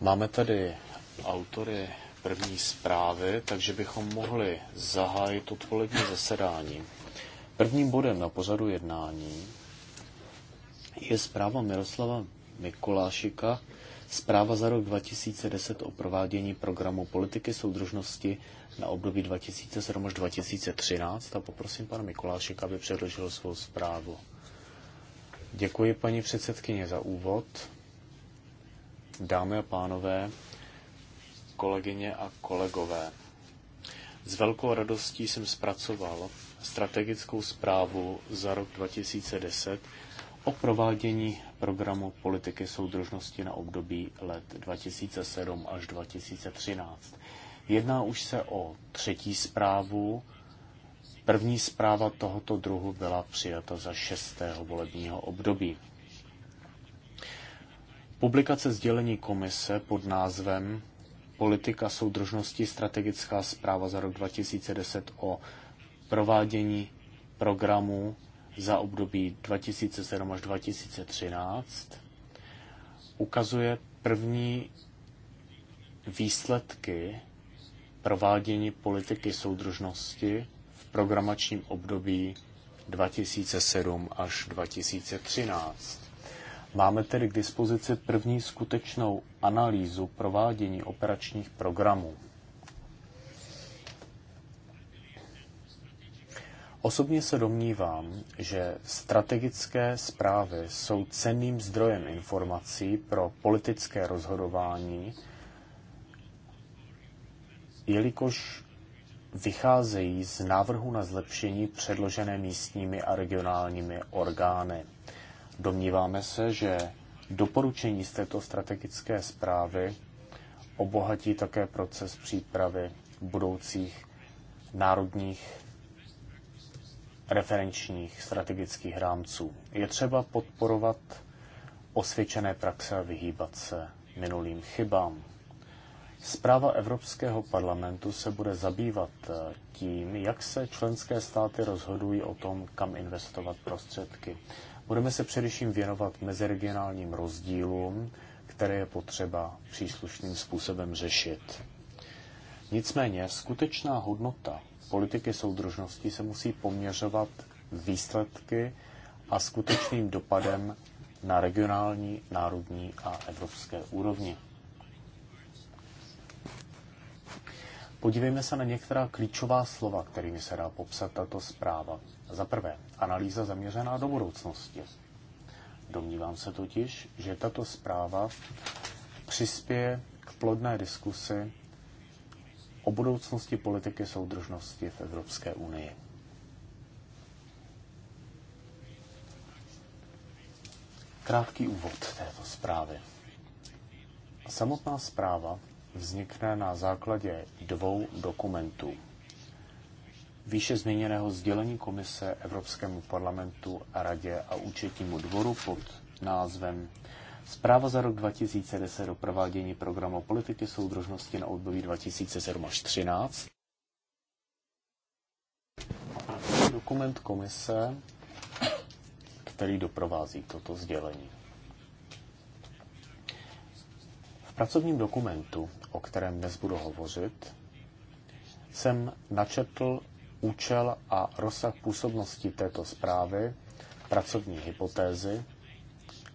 Máme tady autory první zprávy, takže bychom mohli zahájit odpolední zasedání. Prvním bodem na pořadu jednání je zpráva Miroslava Mikulášika, zpráva za rok 2010 o provádění programu politiky soudržnosti na období 2007 až 2013 a poprosím pana Mikulášika, aby předložil svou zprávu. Děkuji paní předsedkyně za úvod. Dámy a pánové, kolegyně a kolegové, s velkou radostí jsem zpracoval strategickou zprávu za rok 2010 o provádění programu politiky soudržnosti na období let 2007 až 2013. Jedná už se o třetí zprávu První zpráva tohoto druhu byla přijata za šestého volebního období. Publikace sdělení komise pod názvem Politika soudržnosti strategická zpráva za rok 2010 o provádění programů za období 2007 až 2013 ukazuje první výsledky provádění politiky soudržnosti programačním období 2007 až 2013. Máme tedy k dispozici první skutečnou analýzu provádění operačních programů. Osobně se domnívám, že strategické zprávy jsou cenným zdrojem informací pro politické rozhodování, jelikož vycházejí z návrhu na zlepšení předložené místními a regionálními orgány. Domníváme se, že doporučení z této strategické zprávy obohatí také proces přípravy budoucích národních referenčních strategických rámců. Je třeba podporovat osvědčené praxe a vyhýbat se minulým chybám. Zpráva Evropského parlamentu se bude zabývat eh, tím, jak se členské státy rozhodují o tom, kam investovat prostředky. Budeme se především věnovat meziregionálním rozdílům, které je potřeba příslušným způsobem řešit. Nicméně skutečná hodnota politiky soudržnosti se musí poměřovat výsledky a skutečným dopadem na regionální, národní a evropské úrovni. Podívejme se na některá klíčová slova, kterými se dá popsat tato zpráva. Za prvé, analýza zaměřená do budoucnosti. Domnívám se totiž, že tato zpráva přispěje k plodné diskusi o budoucnosti politiky soudržnosti v Evropské unii. Krátký úvod této zprávy. Samotná zpráva vznikne na základě dvou dokumentů. Výše změněného sdělení Komise Evropskému parlamentu a Radě a účetnímu dvoru pod názvem Zpráva za rok 2010 o provádění programu politiky soudržnosti na období 2007 až 2013. Dokument komise, který doprovází toto sdělení. pracovním dokumentu, o kterém dnes budu hovořit, jsem načetl účel a rozsah působnosti této zprávy, pracovní hypotézy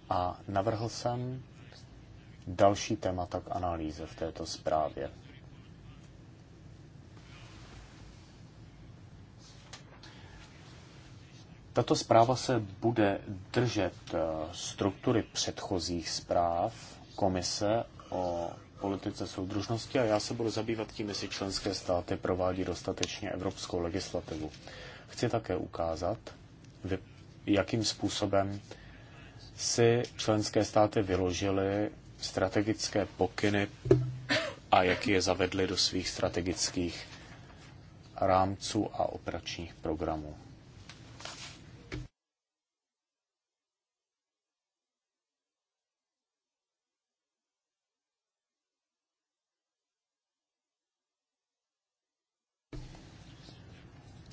a navrhl jsem další témata k analýze v této zprávě. Tato zpráva se bude držet eh, struktury předchozích zpráv komise o politice soudružnosti a já se budu zabývat tím, jestli členské státy provádí dostatečně evropskou legislativu. Chci také ukázat, jakým způsobem si členské státy vyložily strategické pokyny a jak je zavedly do svých strategických rámců a operačních programů.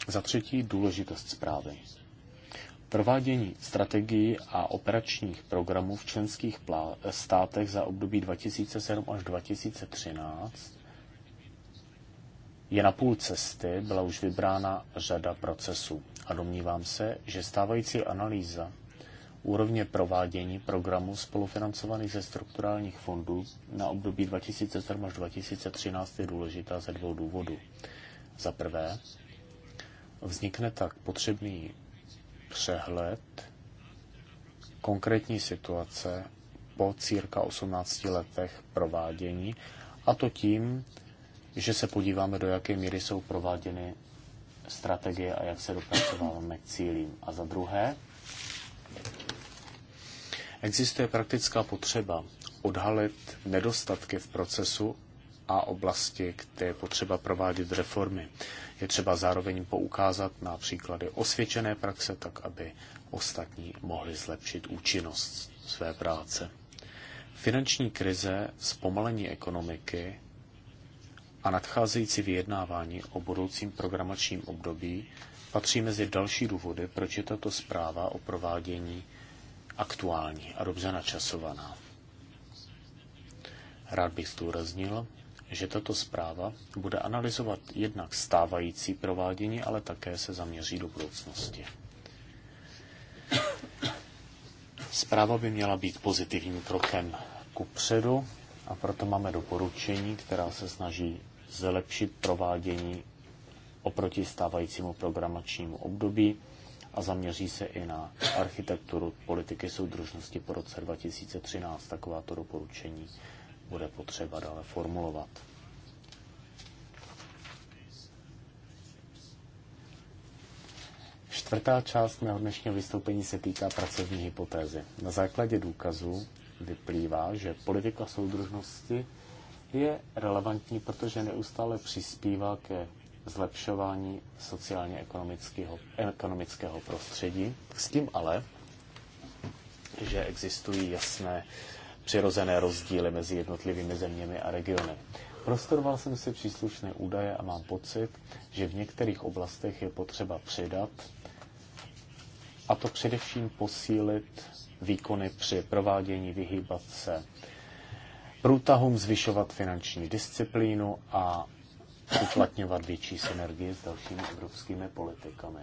Za třetí důležitost zprávy. Provádění strategií a operačních programů v členských státech za období 2007 až 2013 je na půl cesty, byla už vybrána řada procesů a domnívám se, že stávající analýza úrovně provádění programů spolufinancovaných ze strukturálních fondů na období 2007 až 2013 je důležitá ze dvou důvodů. Za prvé, Vznikne tak potřebný přehled konkrétní situace po círka 18 letech provádění, a to tím, že se podíváme, do jaké míry jsou prováděny strategie a jak se dopracováváme k cílím. A za druhé, existuje praktická potřeba odhalit nedostatky v procesu a oblasti, kde je potřeba provádět reformy. Je třeba zároveň poukázat na příklady osvědčené praxe, tak aby ostatní mohli zlepšit účinnost své práce. Finanční krize, zpomalení ekonomiky a nadcházející vyjednávání o budoucím programačním období patří mezi další důvody, proč je tato zpráva o provádění aktuální a dobře načasovaná. Rád bych zdůraznil, že tato zpráva bude analyzovat jednak stávající provádění, ale také se zaměří do budoucnosti. Zpráva by měla být pozitivním krokem ku předu a proto máme doporučení, která se snaží zlepšit provádění oproti stávajícímu programačnímu období a zaměří se i na architekturu politiky soudržnosti po roce 2013. Takováto doporučení bude potřeba dále formulovat. Čtvrtá část mého dnešního vystoupení se týká pracovní hypotézy. Na základě důkazů vyplývá, že politika soudržnosti je relevantní, protože neustále přispívá ke zlepšování sociálně-ekonomického ekonomického prostředí. S tím ale, že existují jasné přirozené rozdíly mezi jednotlivými zeměmi a regiony. Prostoroval jsem si příslušné údaje a mám pocit, že v některých oblastech je potřeba přidat, a to především posílit výkony při provádění, vyhýbat se průtahům, zvyšovat finanční disciplínu a uplatňovat větší synergie s dalšími evropskými politikami.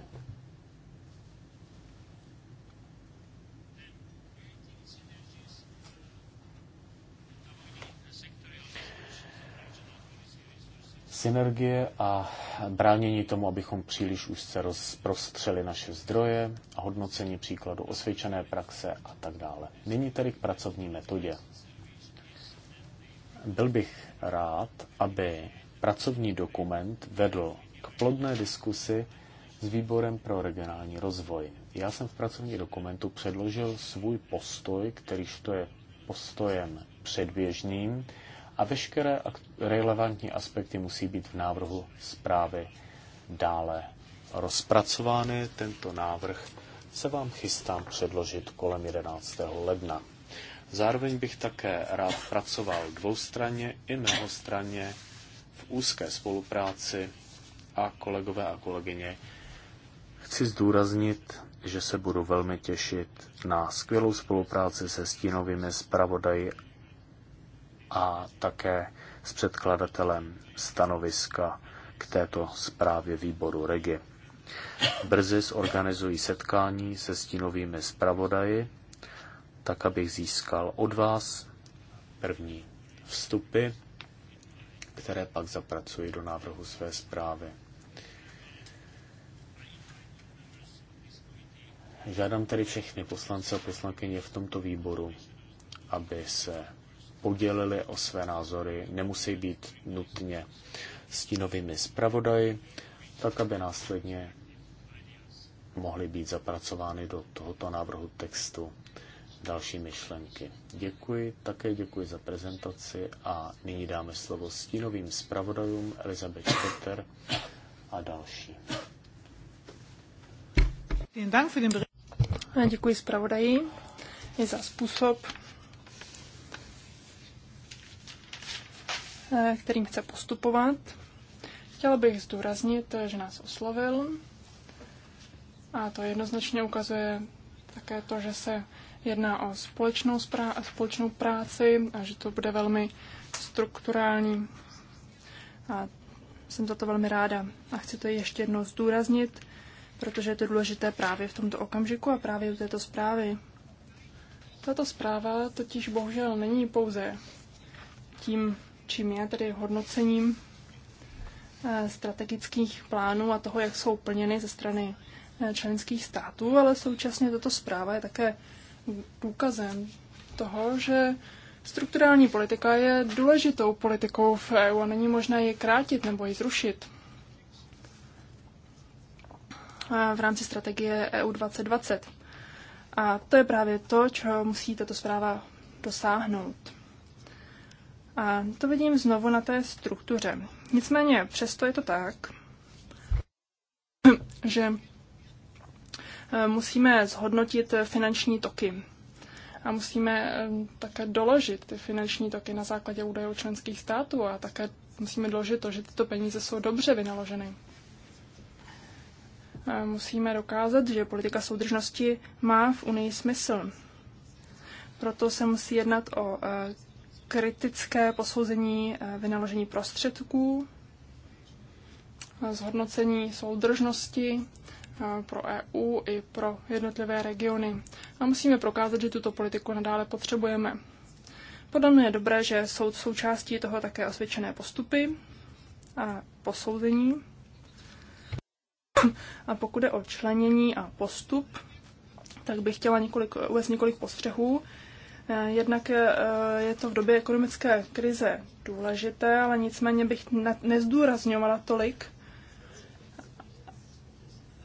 synergie a bránění tomu, abychom příliš se rozprostřeli naše zdroje a hodnocení příkladu osvědčené praxe a tak dále. Nyní tedy k pracovní metodě. Byl bych rád, aby pracovní dokument vedl k plodné diskusi s výborem pro regionální rozvoj. Já jsem v pracovní dokumentu předložil svůj postoj, kterýž to je postojem předběžným, a veškeré relevantní aspekty musí být v návrhu zprávy dále rozpracovány. Tento návrh se vám chystám předložit kolem 11. ledna. Zároveň bych také rád pracoval dvoustranně i mnohostranně v úzké spolupráci a kolegové a kolegyně. Chci zdůraznit, že se budu velmi těšit na skvělou spolupráci se stínovými zpravodaji a také s předkladatelem stanoviska k této zprávě výboru REGI. Brzy zorganizují setkání se stínovými zpravodaji, tak abych získal od vás první vstupy, které pak zapracuji do návrhu své zprávy. Žádám tedy všechny poslance a poslankyně v tomto výboru, aby se podělili o své názory, nemusí být nutně stínovými zpravodaji, tak aby následně mohly být zapracovány do tohoto návrhu textu další myšlenky. Děkuji, také děkuji za prezentaci a nyní dáme slovo stínovým zpravodajům Elizabeth Peter a další. Děkuji zpravodaji Je za způsob, Eh, kterým chce postupovat. Chtěla bych zdůraznit, eh, že nás oslovil a to jednoznačně ukazuje také to, že se jedná o společnou, společnou práci a že to bude velmi strukturální. A jsem za to velmi ráda a chci to ještě jednou zdůraznit, protože je to důležité právě v tomto okamžiku a právě u této zprávy. Tato zpráva totiž bohužel není pouze tím čím je tedy hodnocením eh, strategických plánů a toho, jak jsou plněny ze strany eh, členských států, ale současně tato zpráva je také důkazem toho, že strukturální politika je důležitou politikou v EU a není možné ji krátit nebo ji zrušit. Eh, v rámci strategie EU 2020. A to je právě to, čeho musí tato zpráva dosáhnout. A to vidím znovu na té struktuře. Nicméně přesto je to tak, že eh, musíme zhodnotit finanční toky. A musíme eh, také doložit ty finanční toky na základě údajů členských států a také musíme doložit to, že tyto peníze jsou dobře vynaloženy. A musíme dokázat, že politika soudržnosti má v Unii smysl. Proto se musí jednat o eh, kritické posouzení eh, vynaložení prostředků, eh, zhodnocení soudržnosti eh, pro EU i pro jednotlivé regiony. A musíme prokázat, že tuto politiku nadále potřebujeme. Podle mě je dobré, že jsou součástí toho také osvědčené postupy a posouzení. A pokud je o členění a postup, tak bych chtěla několik, uvést několik postřehů. Jednak eh, je to v době ekonomické krize důležité, ale nicméně bych nezdůrazňovala tolik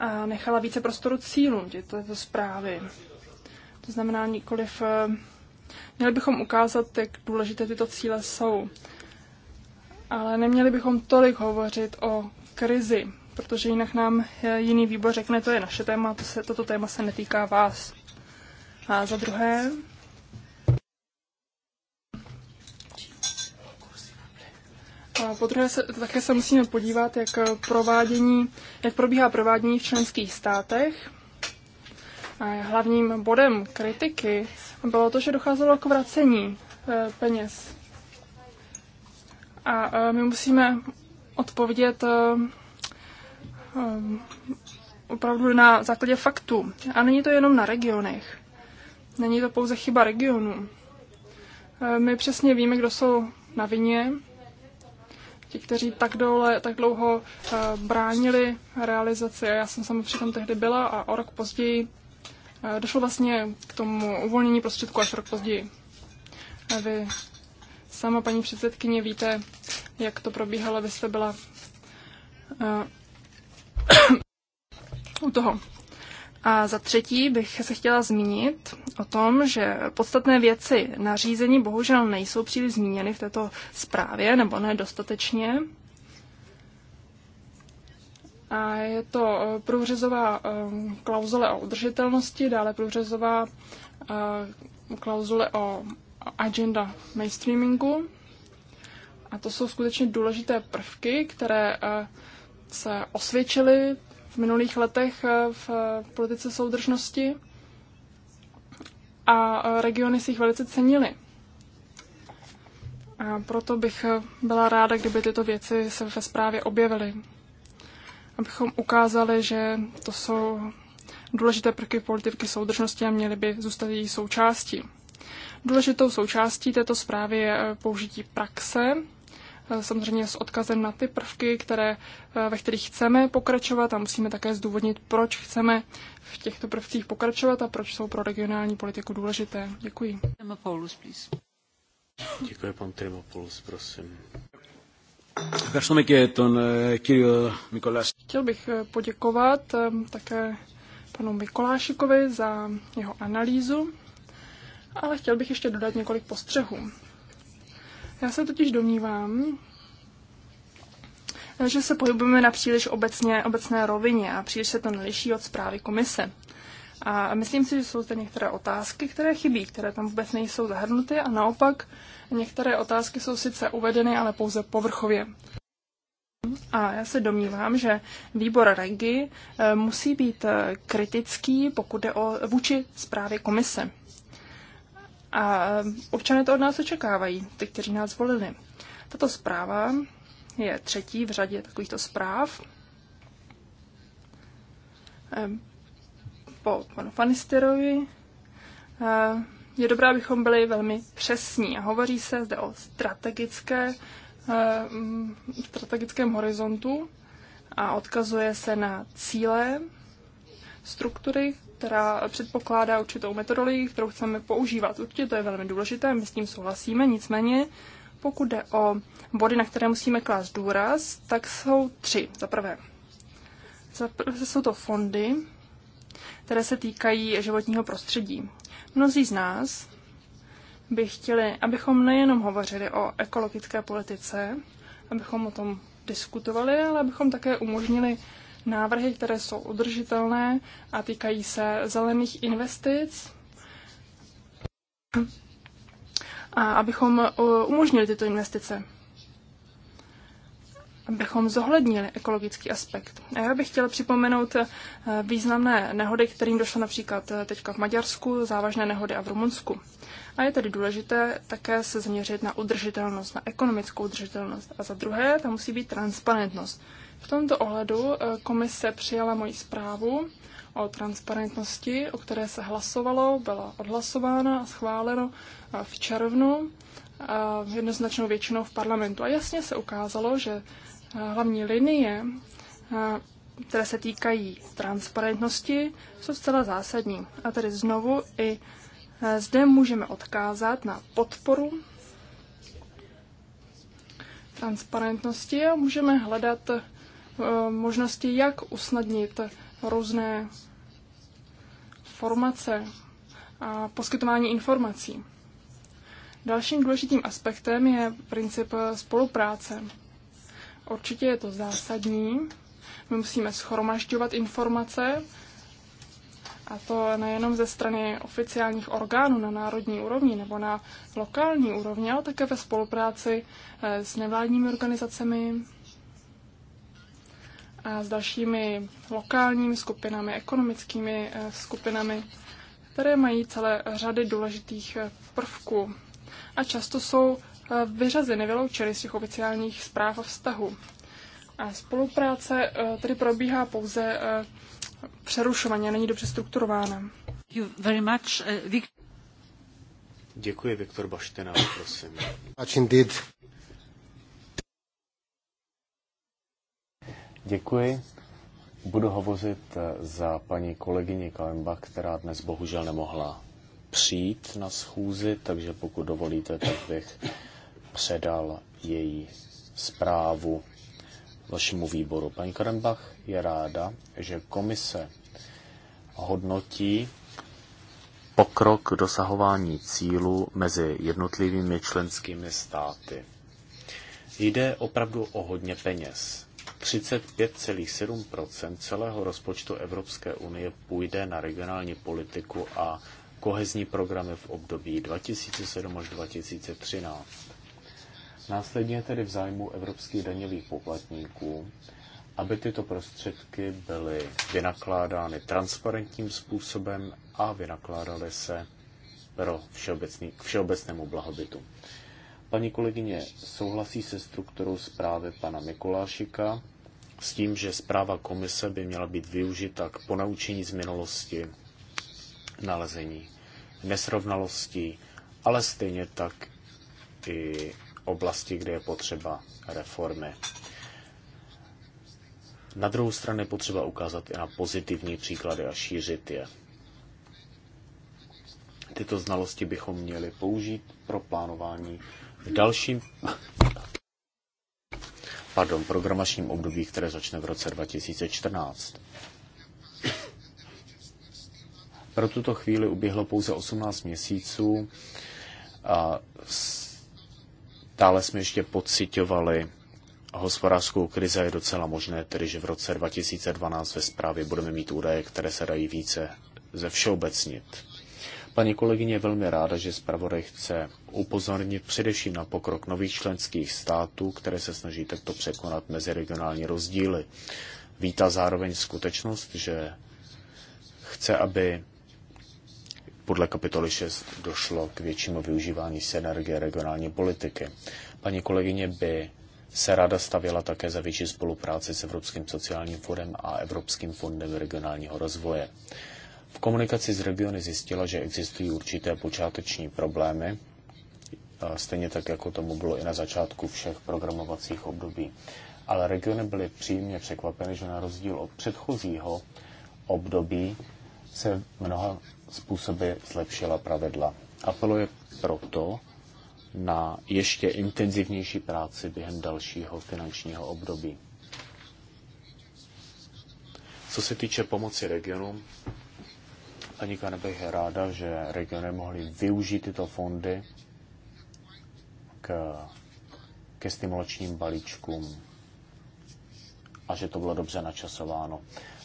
a nechala více prostoru cílům této zprávy. To znamená nikoliv... Eh, měli bychom ukázat, jak důležité tyto cíle jsou. Ale neměli bychom tolik hovořit o krizi, protože jinak nám eh, jiný výbor řekne, to je naše téma, to se, toto téma se netýká vás. A za druhé, A po druhé se, také se musíme podívat, jak, provádění, jak probíhá provádění v členských státech. A hlavním bodem kritiky bylo to, že docházelo k vracení e, peněz. A e, my musíme odpovědět e, opravdu na základě faktů. A není to jenom na regionech. Není to pouze chyba regionů. My přesně víme, kdo jsou na vině ti, kteří tak, dole, tak dlouho eh, bránili realizaci. A já jsem sama přitom tehdy byla a o rok později eh, došlo vlastně k tomu uvolnění prostředku až rok později. A vy sama, paní předsedkyně, víte, jak to probíhalo. Vy jste byla eh, u toho. A za třetí bych se chtěla zmínit o tom, že podstatné věci nařízení bohužel nejsou příliš zmíněny v této zprávě, nebo ne dostatečně. A je to eh, průřezová eh, klauzule o udržitelnosti, dále průřezová eh, klauzule o agenda mainstreamingu. A to jsou skutečně důležité prvky, které se osvědčily v minulých letech eh, eh, v politice soudržnosti a eh, regiony si jich velice cenily. A proto bych byla ráda, kdyby tyto věci se ve zprávě objevily. Abychom ukázali, že to jsou důležité prvky politiky soudržnosti a měly by zůstat její součástí. Důležitou součástí této zprávy je použití praxe samozřejmě s odkazem na ty prvky, které, eh, ve kterých chceme pokračovat a musíme také zdůvodnit, proč chceme v těchto prvcích pokračovat a proč jsou pro regionální politiku důležité. Děkuji. Tremopoulos, please. Děkuji, pan Tremopoulos, prosím. Chtěl bych eh, poděkovat eh, také panu Mikolášikovi za jeho analýzu, ale chtěl bych ještě dodat několik postřehů. Já se totiž domnívám, že se pohybujeme na příliš obecně, obecné rovině a příliš se to neliší od zprávy komise. A myslím si, že jsou zde některé otázky, které chybí, které tam vůbec nejsou zahrnuty a naopak některé otázky jsou sice uvedeny, ale pouze povrchově. A já se domnívám, že výbor Regi eh, musí být eh, kritický, pokud jde o vůči zprávy komise. A eh, občané to od nás očekávají, ty, kteří nás volili. Tato zpráva je třetí v řadě takovýchto zpráv. Eh, po panu Fanisterovi eh, je dobré, abychom byli velmi přesní. A hovoří se zde o strategické, strategickém horizontu a odkazuje se na cíle struktury, která předpokládá určitou metodologii, kterou chceme používat. Určitě to je velmi důležité, my s tím souhlasíme, nicméně pokud jde o body, na které musíme klást důraz, tak jsou tři. Za prvé, za prvé jsou to fondy, které se týkají životního prostředí. Mnozí z nás by chtěli, abychom nejenom hovořili o ekologické politice, abychom o tom diskutovali, ale abychom také umožnili návrhy, které jsou udržitelné a týkají se zelených investic. A abychom uh, umožnili tyto investice abychom zohlednili ekologický aspekt. A já bych chtěla připomenout uh, významné nehody, kterým došlo například uh, teďka v Maďarsku, závažné nehody a v Rumunsku. A je tedy důležité také se zaměřit na udržitelnost, na ekonomickou udržitelnost. A za druhé, tam musí být transparentnost. V tomto ohledu e, komise přijala moji zprávu o transparentnosti, o které se hlasovalo, byla odhlasována a schváleno e, v červnu e, jednoznačnou většinou v parlamentu. A jasně se ukázalo, že hlavní linie, které se týkají transparentnosti, jsou zcela zásadní. A tedy znovu i zde můžeme odkázat na podporu transparentnosti a můžeme hledat Eh, možnosti, jak usnadnit různé formace a poskytování informací. Dalším důležitým aspektem je princip spolupráce. Určitě je to zásadní. My musíme schromažďovat informace, a to nejenom ze strany oficiálních orgánů na národní úrovni nebo na lokální úrovni, ale také ve spolupráci eh, s nevládními organizacemi, a s dalšími lokálními skupinami, ekonomickými eh, skupinami, které mají celé řady důležitých eh, prvků a často jsou eh, vyřazeny, vyloučeny z těch oficiálních zpráv a vztahů. A spolupráce tedy probíhá pouze přerušovaně, není dobře strukturována. Děkuji, Viktor Baština, prosím. Much indeed. Děkuji. Budu hovořit eh, za paní kolegyni Kalemba, která dnes bohužel nemohla přijít na schůzi, takže pokud dovolíte, tak bych předal její zprávu vašemu výboru. Paní Karembach je ráda, že komise hodnotí pokrok k dosahování cílu mezi jednotlivými členskými státy. Jde opravdu o hodně peněz. 35,7 celého rozpočtu Evropské unie půjde na regionální politiku a kohezní programy v období 2007 až 2013. Následně tedy v zájmu evropských daňových poplatníků, aby tyto prostředky byly vynakládány transparentním způsobem a vynakládaly se pro všeobecný, k všeobecnému blahobytu. Paní kolegyně souhlasí se strukturou zprávy pana Mikulášika s tím, že zpráva komise by měla být využita k ponaučení z minulosti, nalezení nesrovnalostí, ale stejně tak i oblasti, kde je potřeba reformy. Na druhou stranu je potřeba ukázat i na pozitivní příklady a šířit je. Tyto znalosti bychom měli použít pro plánování v dalším pardon, programačním období, které začne v roce 2014. Pro tuto chvíli uběhlo pouze 18 měsíců a stále jsme ještě pocitovali hospodářskou krize. Je docela možné tedy, že v roce 2012 ve zprávě budeme mít údaje, které se dají více ze všeobecnit. Paní kolegyně je velmi ráda, že zpravodaj chce upozornit především na pokrok nových členských států, které se snaží takto překonat meziregionální rozdíly. Vítá zároveň skutečnost, že chce, aby podle kapitoly 6 došlo k většímu využívání synergie regionální politiky. Paní kolegyně by se ráda stavěla také za větší spolupráci s Evropským sociálním fondem a Evropským fondem regionálního rozvoje. V komunikaci s regiony zjistila, že existují určité počáteční problémy, stejně tak, jako tomu bylo i na začátku všech programovacích období. Ale regiony byly příjemně překvapeny, že na rozdíl od předchozího období se mnoha způsoby zlepšila pravidla. Apeluje proto na ještě intenzivnější práci během dalšího finančního období. Co se týče pomoci regionům, Paní bych ráda, že regiony mohly využít tyto fondy k, ke stimulačním balíčkům a že to bylo dobře načasováno.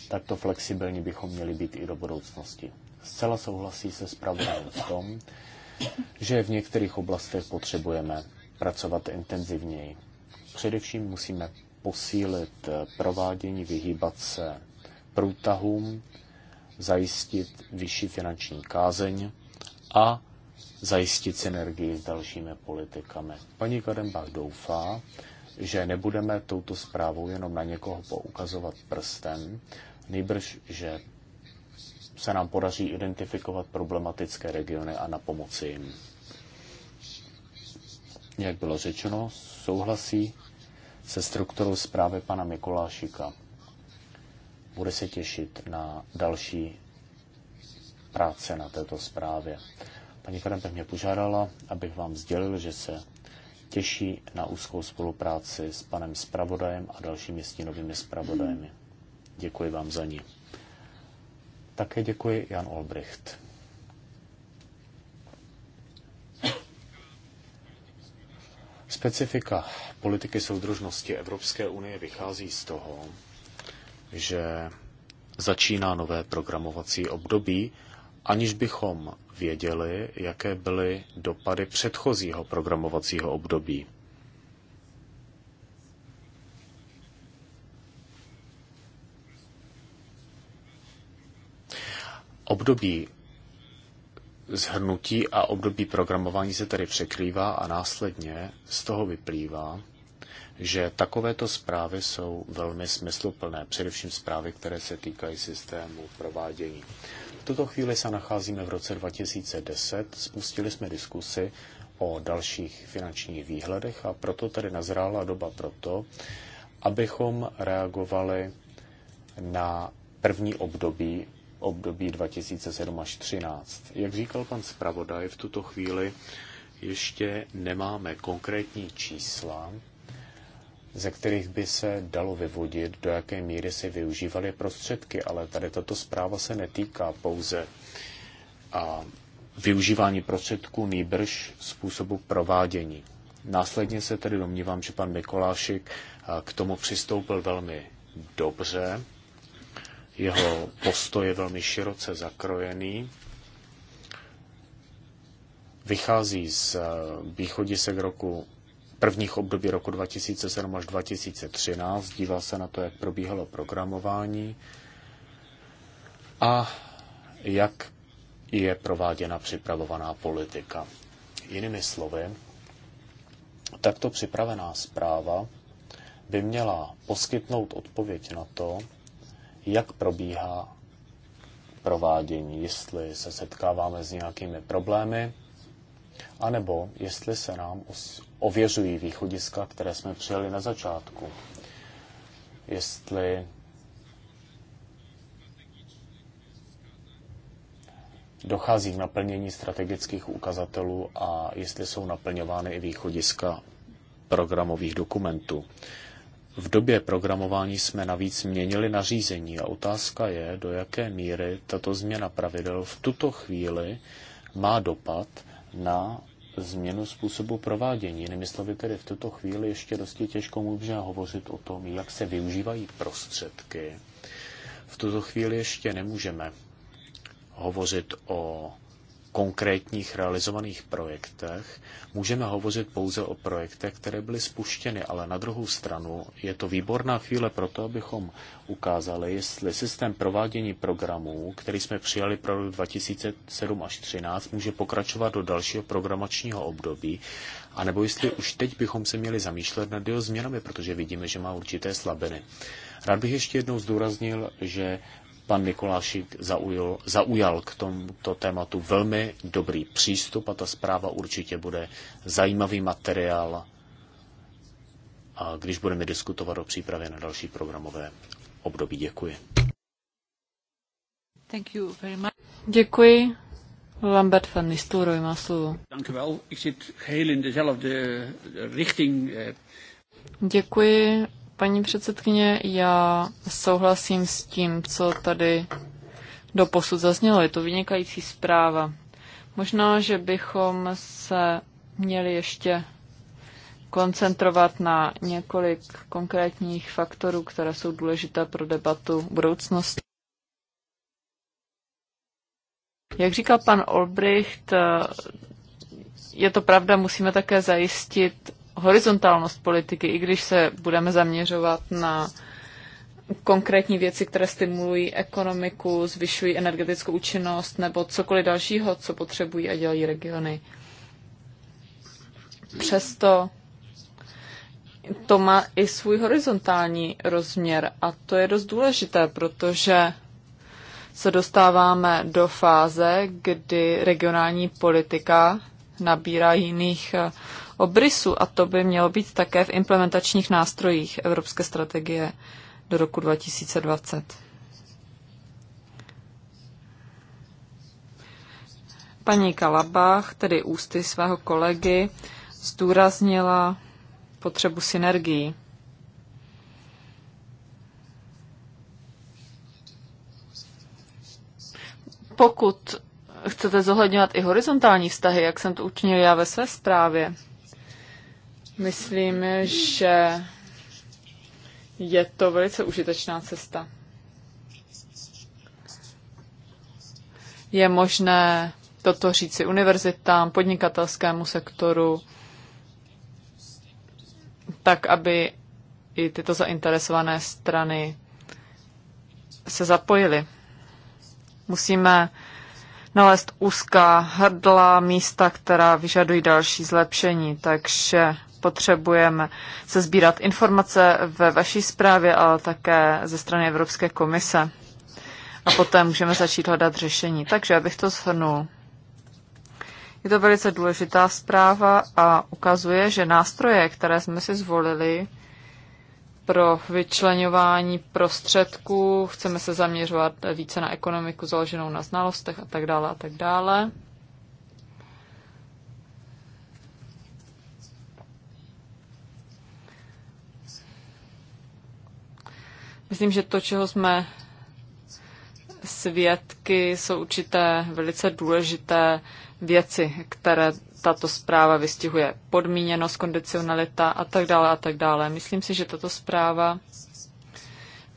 Takto flexibilní bychom měli být i do budoucnosti. Zcela souhlasí se zpravodajem v tom, že v některých oblastech potřebujeme pracovat intenzivněji. Především musíme posílit provádění, vyhýbat se průtahům, zajistit vyšší finanční kázeň a zajistit synergii s dalšími politikami. Paní Kadenbach doufá, že nebudeme touto zprávou jenom na někoho poukazovat prstem, nejbrž, že se nám podaří identifikovat problematické regiony a na pomoci jim. Jak bylo řečeno, souhlasí se strukturou zprávy pana Mikulášika bude se těšit na další práce na této zprávě. Paní Krempech mě požádala, abych vám sdělil, že se těší na úzkou spolupráci s panem Spravodajem a dalšími stínovými spravodajemi. Děkuji vám za ní. Také děkuji Jan Olbricht. Specifika politiky soudržnosti Evropské unie vychází z toho, že začíná nové programovací období, aniž bychom věděli, jaké byly dopady předchozího programovacího období. Období zhrnutí a období programování se tedy překrývá a následně z toho vyplývá, že takovéto zprávy jsou velmi smysluplné, především zprávy, které se týkají systému provádění. V tuto chvíli se nacházíme v roce 2010, spustili jsme diskusy o dalších finančních výhledech a proto tady nazrála doba proto, abychom reagovali na první období, období 2007 až 2013. Jak říkal pan zpravodaj, v tuto chvíli ještě nemáme konkrétní čísla, ze kterých by se dalo vyvodit, do jaké míry se využívaly prostředky, ale tady tato zpráva se netýká pouze a využívání prostředků nýbrž způsobu provádění. Následně se tedy domnívám, že pan Mikolášik k tomu přistoupil velmi dobře. Jeho postoj je velmi široce zakrojený. Vychází z východisek roku prvních období roku 2007 až 2013, díval se na to, jak probíhalo programování a jak je prováděna připravovaná politika. Jinými slovy, takto připravená zpráva by měla poskytnout odpověď na to, jak probíhá provádění, jestli se setkáváme s nějakými problémy, anebo jestli se nám ověřují východiska, které jsme přijali na začátku. Jestli dochází k naplnění strategických ukazatelů a jestli jsou naplňovány i východiska programových dokumentů. V době programování jsme navíc měnili nařízení a otázka je, do jaké míry tato změna pravidel v tuto chvíli má dopad na změnu způsobu provádění. Jinými slovy tedy v tuto chvíli ještě dosti těžko můžeme hovořit o tom, jak se využívají prostředky. V tuto chvíli ještě nemůžeme hovořit o konkrétních realizovaných projektech. Můžeme hovořit pouze o projektech, které byly spuštěny, ale na druhou stranu je to výborná chvíle pro to, abychom ukázali, jestli systém provádění programů, který jsme přijali pro rok 2007 až 2013, může pokračovat do dalšího programačního období, anebo jestli už teď bychom se měli zamýšlet nad jeho změnami, protože vidíme, že má určité slabiny. Rád bych ještě jednou zdůraznil, že pan Mikulášik zaujal, zaujal k tomuto tématu velmi dobrý přístup a ta zpráva určitě bude zajímavý materiál, a když budeme diskutovat o přípravě na další programové období. Děkuji. Thank you very much. Děkuji. Lambert van Nistelrooy má slovo. Eh, eh. Děkuji. Paní předsedkyně, já souhlasím s tím, co tady do posud zaznělo. Je to vynikající zpráva. Možná, že bychom se měli ještě koncentrovat na několik konkrétních faktorů, které jsou důležité pro debatu budoucnosti. Jak říkal pan Olbricht, je to pravda, musíme také zajistit horizontálnost politiky, i když se budeme zaměřovat na konkrétní věci, které stimulují ekonomiku, zvyšují energetickou účinnost nebo cokoliv dalšího, co potřebují a dělají regiony. Přesto to má i svůj horizontální rozměr a to je dost důležité, protože se dostáváme do fáze, kdy regionální politika nabírá jiných obrysu a to by mělo být také v implementačních nástrojích Evropské strategie do roku 2020. Paní Kalabach, tedy ústy svého kolegy, zdůraznila potřebu synergií. Pokud chcete zohledňovat i horizontální vztahy, jak jsem to učinil já ve své zprávě, Myslím, že je to velice užitečná cesta. Je možné toto říci univerzitám, podnikatelskému sektoru, tak, aby i tyto zainteresované strany se zapojily. Musíme nalézt úzká hrdla, místa, která vyžadují další zlepšení, takže potřebujeme se sbírat informace ve vaší zprávě, ale také ze strany Evropské komise. A poté můžeme začít hledat řešení. Takže abych to shrnul. Je to velice důležitá zpráva a ukazuje, že nástroje, které jsme si zvolili pro vyčlenování prostředků, chceme se zaměřovat více na ekonomiku založenou na znalostech a tak dále a tak dále. Myslím, že to, čeho jsme svědky, jsou určité velice důležité věci, které tato zpráva vystihuje. Podmíněnost, kondicionalita a tak dále a tak dále. Myslím si, že tato zpráva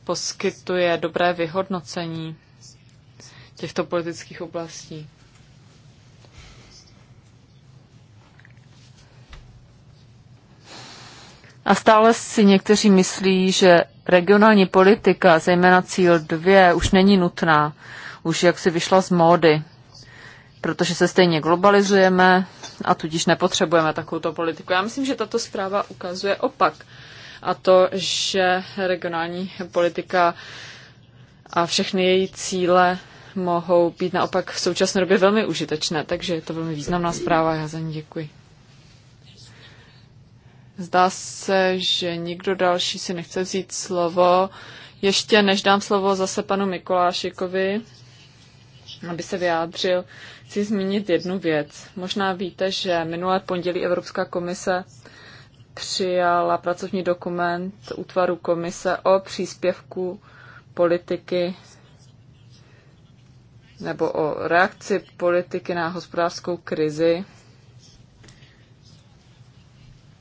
poskytuje dobré vyhodnocení těchto politických oblastí. A stále si někteří myslí, že regionální politika, zejména cíl 2, už není nutná, už jak si vyšla z módy, protože se stejně globalizujeme a tudíž nepotřebujeme takovouto politiku. Já myslím, že tato zpráva ukazuje opak a to, že regionální politika a všechny její cíle mohou být naopak v současné době velmi užitečné, takže je to velmi významná zpráva, já za ní děkuji. Zdá se, že nikdo další si nechce vzít slovo. Ještě než dám slovo zase panu Mikolášikovi, aby se vyjádřil, chci zmínit jednu věc. Možná víte, že minulé pondělí Evropská komise přijala pracovní dokument útvaru komise o příspěvku politiky nebo o reakci politiky na hospodářskou krizi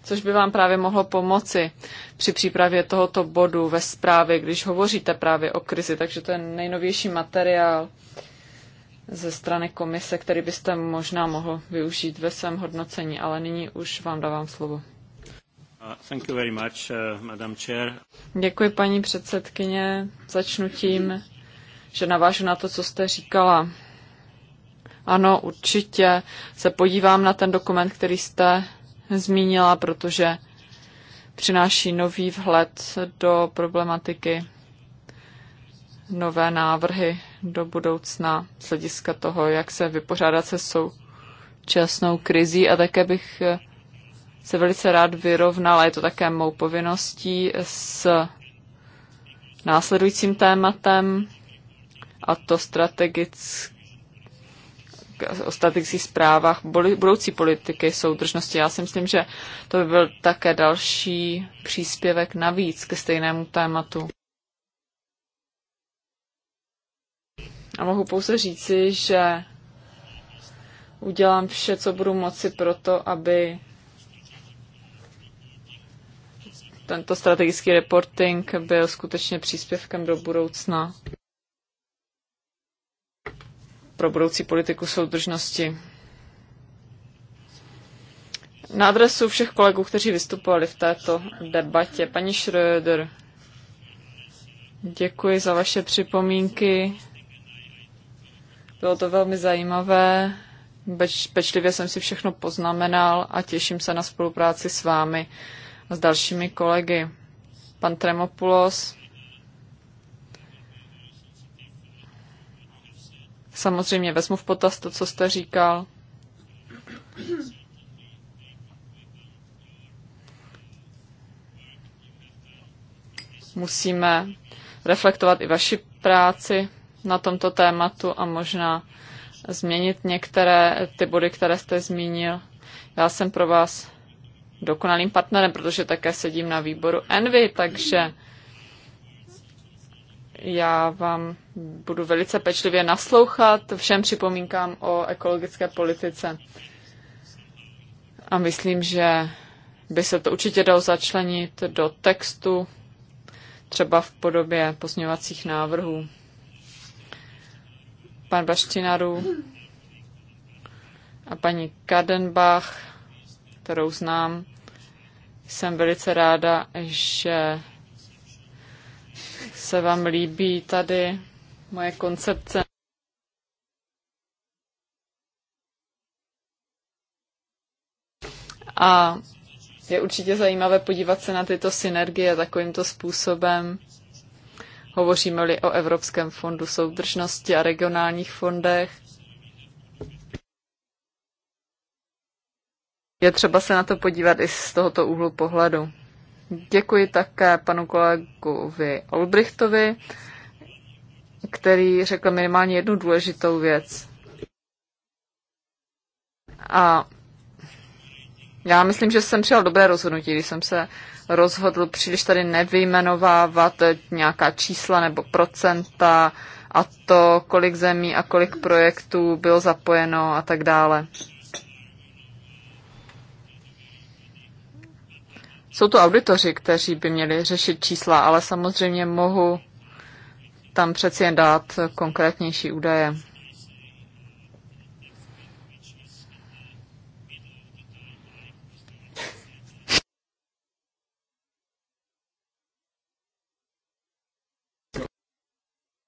což by vám právě mohlo pomoci při přípravě tohoto bodu ve zprávě, když hovoříte právě o krizi. Takže to je nejnovější materiál ze strany komise, který byste možná mohl využít ve svém hodnocení, ale nyní už vám dávám slovo. Uh, thank you very much, uh, Madam Chair. Děkuji, paní předsedkyně. Začnu tím, že navážu na to, co jste říkala. Ano, určitě se podívám na ten dokument, který jste zmínila, protože přináší nový vhled do problematiky, nové návrhy do budoucna z hlediska toho, jak se vypořádat se současnou krizí a také bych se velice rád vyrovnal, je to také mou povinností, s následujícím tématem, a to strategický o strategických zprávách budoucí politiky soudržnosti. Já si myslím, že to by byl také další příspěvek navíc ke stejnému tématu. A mohu pouze říci, že udělám vše, co budu moci pro to, aby tento strategický reporting byl skutečně příspěvkem do budoucna pro budoucí politiku soudržnosti. Na adresu všech kolegů, kteří vystupovali v této debatě, paní Schröder, děkuji za vaše připomínky. Bylo to velmi zajímavé. Beč, pečlivě jsem si všechno poznamenal a těším se na spolupráci s vámi a s dalšími kolegy. Pan Tremopulos Samozřejmě vezmu v potaz to, co jste říkal. Musíme reflektovat i vaši práci na tomto tématu a možná změnit některé ty body, které jste zmínil. Já jsem pro vás dokonalým partnerem, protože také sedím na výboru Envy, takže já vám budu velice pečlivě naslouchat všem připomínkám o ekologické politice. A myslím, že by se to určitě dalo začlenit do textu, třeba v podobě pozměňovacích návrhů. Pan Baštinaru a paní Kadenbach, kterou znám, jsem velice ráda, že se vám líbí tady moje koncepce. A je určitě zajímavé podívat se na tyto synergie takovýmto způsobem. Hovoříme-li o Evropském fondu soudržnosti a regionálních fondech. Je třeba se na to podívat i z tohoto úhlu pohledu. Děkuji také panu kolegovi Olbrichtovi, který řekl minimálně jednu důležitou věc. A já myslím, že jsem přijal dobré rozhodnutí, když jsem se rozhodl příliš tady nevyjmenovávat nějaká čísla nebo procenta a to, kolik zemí a kolik projektů bylo zapojeno a tak dále. Jsou to auditoři, kteří by měli řešit čísla, ale samozřejmě mohu tam přeci jen dát konkrétnější údaje.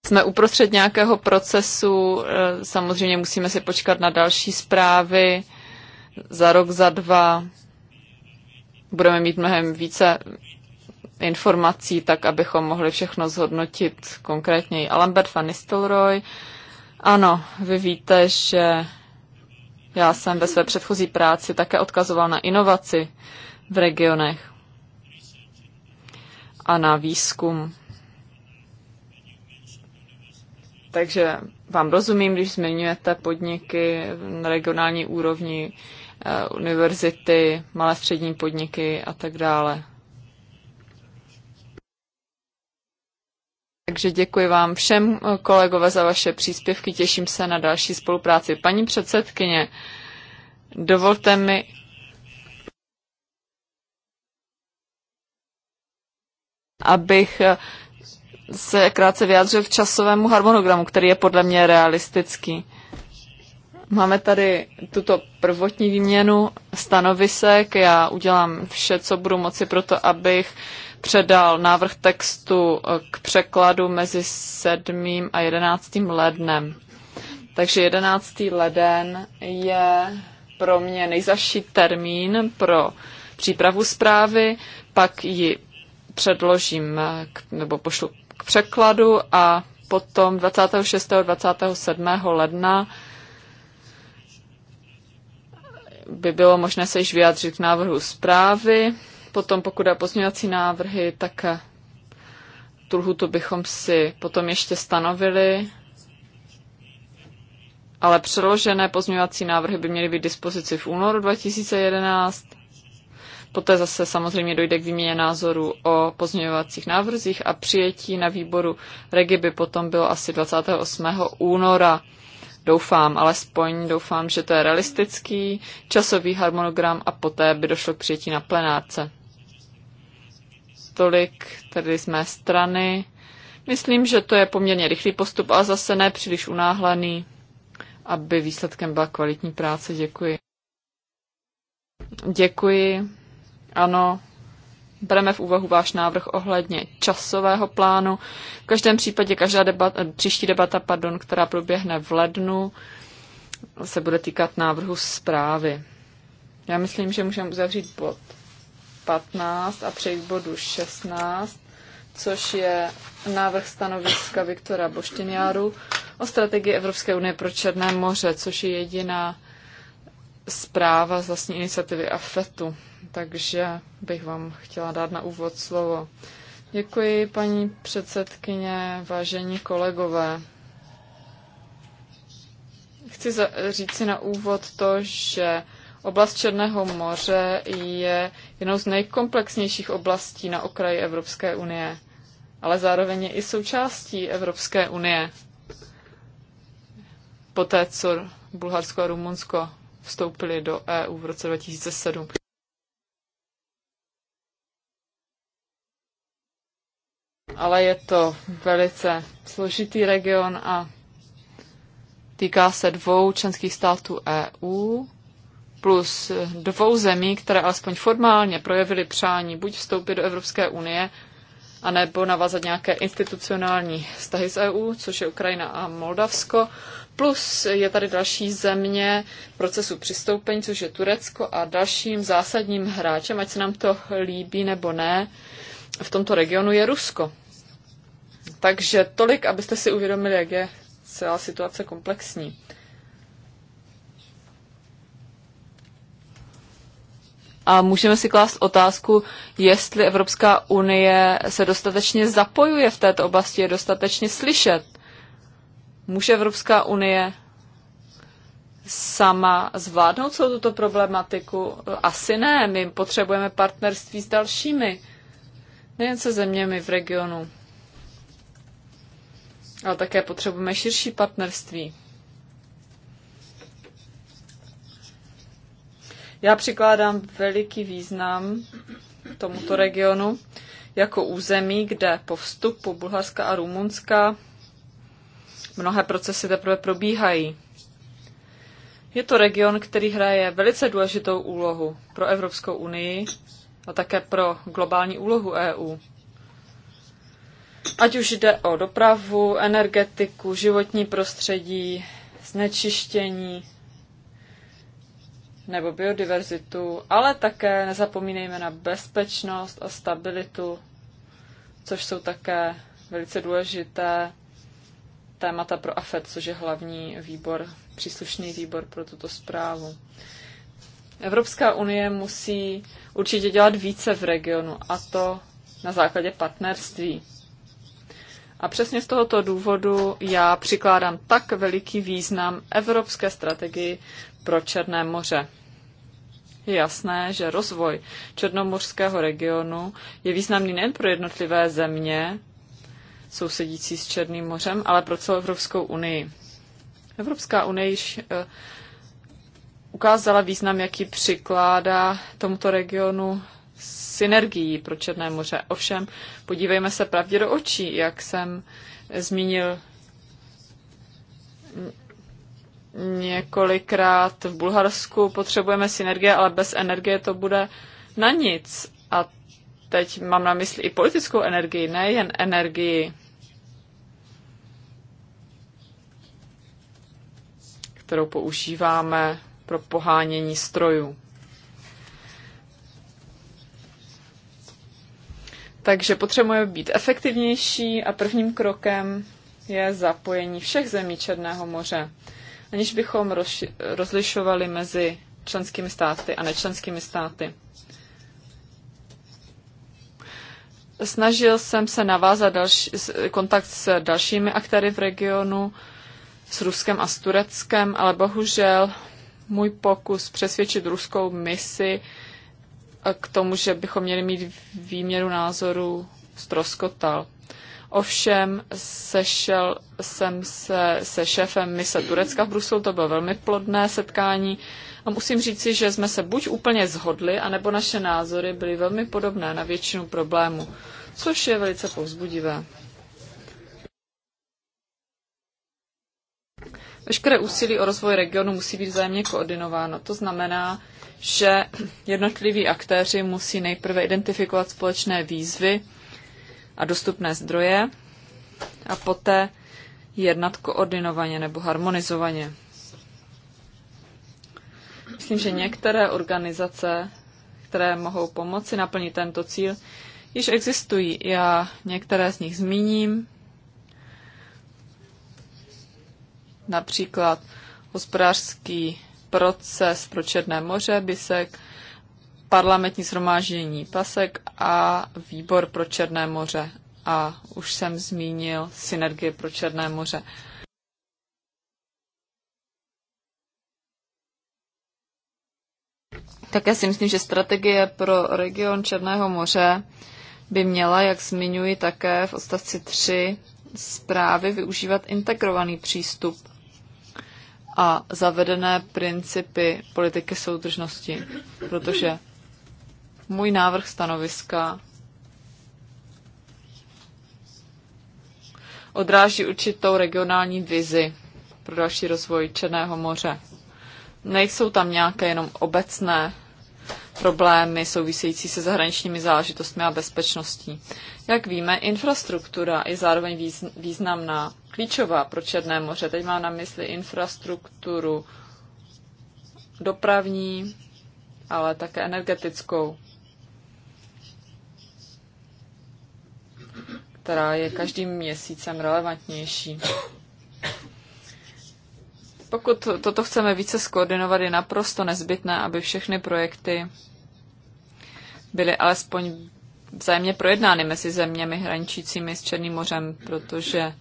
jsme uprostřed nějakého procesu, eh, samozřejmě musíme si počkat na další zprávy za rok, za dva budeme mít mnohem více informací, tak abychom mohli všechno zhodnotit konkrétněji. A Lambert van Nistelrooy, ano, vy víte, že já jsem ve své předchozí práci také odkazoval na inovaci v regionech a na výzkum. Takže vám rozumím, když zmiňujete podniky na regionální úrovni. Eh, univerzity, malé střední podniky a tak dále. Takže děkuji vám všem eh, kolegové za vaše příspěvky, těším se na další spolupráci. Paní předsedkyně, dovolte mi abych eh, se krátce vyjádřil k časovému harmonogramu, který je podle mě realistický. Máme tady tuto prvotní výměnu stanovisek. Já udělám vše, co budu moci pro to, abych předal návrh textu k překladu mezi 7. a 11. lednem. Takže 11. leden je pro mě nejzaší termín pro přípravu zprávy, pak ji předložím k, nebo pošlu k překladu a potom 26. a 27. ledna by bylo možné se již vyjádřit k návrhu zprávy. Potom pokud je pozměňovací návrhy, tak eh, tu lhutu bychom si potom ještě stanovili, ale přeložené pozměňovací návrhy by měly být dispozici v únoru 2011. Poté zase samozřejmě dojde k výměně názoru o pozměňovacích návrzích a přijetí na výboru Regi by potom bylo asi 28. února. Doufám, alespoň doufám, že to je realistický časový harmonogram a poté by došlo k přijetí na plenárce. Tolik tedy z mé strany. Myslím, že to je poměrně rychlý postup, ale zase ne příliš unáhlený, aby výsledkem byla kvalitní práce. Děkuji. Děkuji. Ano, bereme v úvahu váš návrh ohledně časového plánu. V každém případě každá debata, příští debata, pardon, která proběhne v lednu, se bude týkat návrhu zprávy. Já myslím, že můžeme uzavřít bod 15 a přejít k bodu 16, což je návrh stanoviska Viktora Boštiniáru o strategii Evropské unie pro Černé moře, což je jediná zpráva z vlastní iniciativy AFETu takže bych vám chtěla dát na úvod slovo. Děkuji, paní předsedkyně, vážení kolegové. Chci říct si na úvod to, že oblast Černého moře je jednou z nejkomplexnějších oblastí na okraji Evropské unie, ale zároveň je i součástí Evropské unie. Poté, co Bulharsko a Rumunsko vstoupili do EU v roce 2007. ale je to velice složitý region a týká se dvou členských států EU plus dvou zemí, které alespoň formálně projevily přání buď vstoupit do Evropské unie, anebo navazat nějaké institucionální vztahy s EU, což je Ukrajina a Moldavsko. Plus je tady další země procesu přistoupení, což je Turecko a dalším zásadním hráčem, ať se nám to líbí nebo ne, v tomto regionu je Rusko. Takže tolik, abyste si uvědomili, jak je celá situace komplexní. A můžeme si klást otázku, jestli Evropská unie se dostatečně zapojuje v této oblasti, je dostatečně slyšet. Může Evropská unie sama zvládnout celou tuto problematiku? Asi ne, my potřebujeme partnerství s dalšími, nejen se zeměmi v regionu ale také potřebujeme širší partnerství. Já přikládám veliký význam tomuto regionu jako území, kde po vstupu Bulharska a Rumunska mnohé procesy teprve probíhají. Je to region, který hraje velice důležitou úlohu pro Evropskou unii a také pro globální úlohu EU. Ať už jde o dopravu, energetiku, životní prostředí, znečištění nebo biodiverzitu, ale také nezapomínejme na bezpečnost a stabilitu, což jsou také velice důležité témata pro AFED, což je hlavní výbor, příslušný výbor pro tuto zprávu. Evropská unie musí určitě dělat více v regionu, a to na základě partnerství. A přesně z tohoto důvodu já přikládám tak veliký význam evropské strategii pro Černé moře. Je jasné, že rozvoj černomořského regionu je významný nejen pro jednotlivé země sousedící s Černým mořem, ale pro celou Evropskou unii. Evropská unie již eh, ukázala význam, jaký přikládá tomuto regionu synergií pro Černé moře. Ovšem, podívejme se pravdě do očí, jak jsem zmínil několikrát v Bulharsku potřebujeme synergie, ale bez energie to bude na nic. A teď mám na mysli i politickou energii, nejen energii, kterou používáme pro pohánění strojů. Takže potřebujeme být efektivnější a prvním krokem je zapojení všech zemí Černého moře, aniž bychom rozlišovali mezi členskými státy a nečlenskými státy. Snažil jsem se navázat další, kontakt s dalšími aktéry v regionu, s Ruskem a s Tureckem, ale bohužel můj pokus přesvědčit ruskou misi k tomu, že bychom měli mít výměru názorů, stroskotal. Ovšem sešel jsem se se šéfem mise Turecka v Bruselu, to bylo velmi plodné setkání a musím říci, že jsme se buď úplně zhodli, anebo naše názory byly velmi podobné na většinu problémů, což je velice povzbudivé. Veškeré úsilí o rozvoj regionu musí být vzájemně koordinováno. To znamená, že jednotliví aktéři musí nejprve identifikovat společné výzvy a dostupné zdroje a poté jednat koordinovaně nebo harmonizovaně. Myslím, že některé organizace, které mohou pomoci naplnit tento cíl, již existují. Já některé z nich zmíním. Například hospodářský proces pro Černé moře, Bisek, parlamentní zhromáždění Pasek a výbor pro Černé moře. A už jsem zmínil synergie pro Černé moře. Také si myslím, že strategie pro region Černého moře by měla, jak zmiňuji také v odstavci 3, zprávy využívat integrovaný přístup a zavedené principy politiky soudržnosti, protože můj návrh stanoviska odráží určitou regionální vizi pro další rozvoj Černého moře. Nejsou tam nějaké jenom obecné problémy související se zahraničními záležitostmi a bezpečností. Jak víme, infrastruktura je zároveň významná klíčová pro Černé moře. Teď mám na mysli infrastrukturu dopravní, ale také energetickou, která je každým měsícem relevantnější. Pokud toto chceme více skoordinovat, je naprosto nezbytné, aby všechny projekty byly alespoň vzájemně projednány mezi zeměmi hraničícími s Černým mořem, protože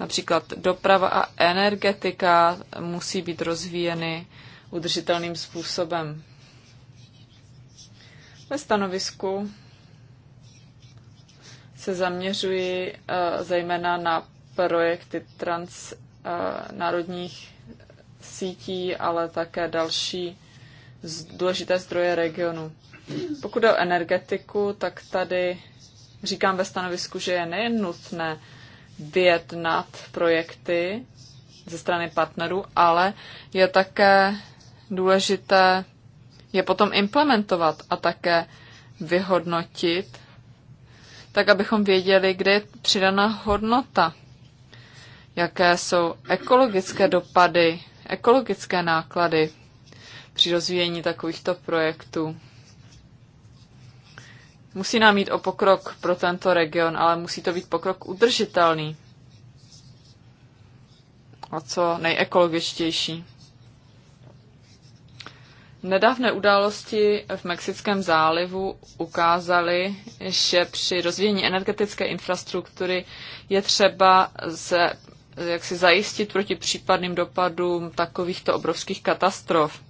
například doprava a energetika musí být rozvíjeny udržitelným způsobem. Ve stanovisku se zaměřuji eh, zejména na projekty transnárodních eh, sítí, ale také další důležité zdroje regionu. Pokud o energetiku, tak tady říkám ve stanovisku, že je nejen nutné vyjednat projekty ze strany partnerů, ale je také důležité je potom implementovat a také vyhodnotit, tak abychom věděli, kde je přidaná hodnota, jaké jsou ekologické dopady, ekologické náklady při rozvíjení takovýchto projektů. Musí nám jít o pokrok pro tento region, ale musí to být pokrok udržitelný a co nejekologičtější. Nedávné události v Mexickém zálivu ukázaly, že při rozvíjení energetické infrastruktury je třeba se jak si zajistit proti případným dopadům takovýchto obrovských katastrof.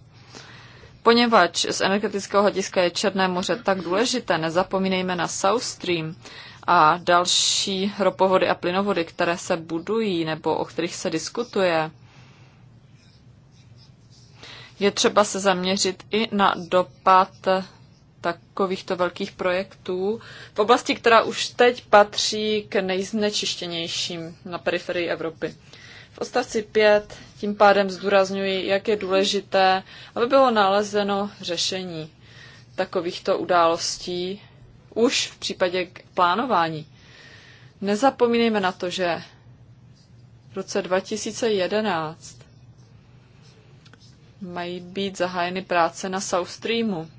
Poněvadž z energetického hlediska je Černé moře tak důležité, nezapomínejme na South Stream a další ropovody a plynovody, které se budují nebo o kterých se diskutuje. Je třeba se zaměřit i na dopad takovýchto velkých projektů v oblasti, která už teď patří k nejznečištěnějším na periferii Evropy. V odstavci 5 tím pádem zdůrazňuji, jak je důležité, aby bylo nalezeno řešení takovýchto událostí už v případě plánování. Nezapomínejme na to, že v roce 2011 mají být zahájeny práce na South Streamu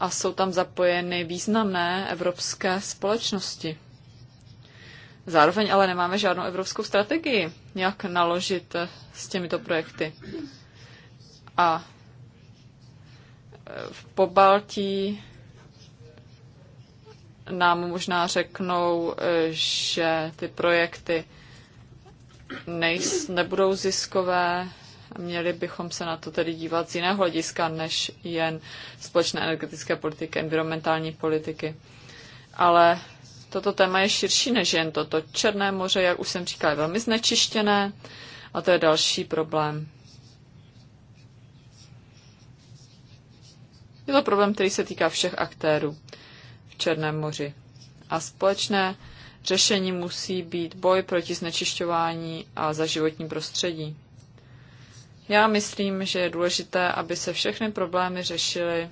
a jsou tam zapojeny významné evropské společnosti. Zároveň ale nemáme žádnou evropskou strategii, jak naložit s těmito projekty. A e, v Pobaltí nám možná řeknou, e, že ty projekty nejs, nebudou ziskové, měli bychom se na to tedy dívat z jiného hlediska, než jen společné energetické politiky, environmentální politiky. Ale Toto téma je širší než jen toto. Černé moře, jak už jsem říkala, je velmi znečištěné a to je další problém. Je to problém, který se týká všech aktérů v Černém moři. A společné řešení musí být boj proti znečišťování a za životní prostředí. Já myslím, že je důležité, aby se všechny problémy řešily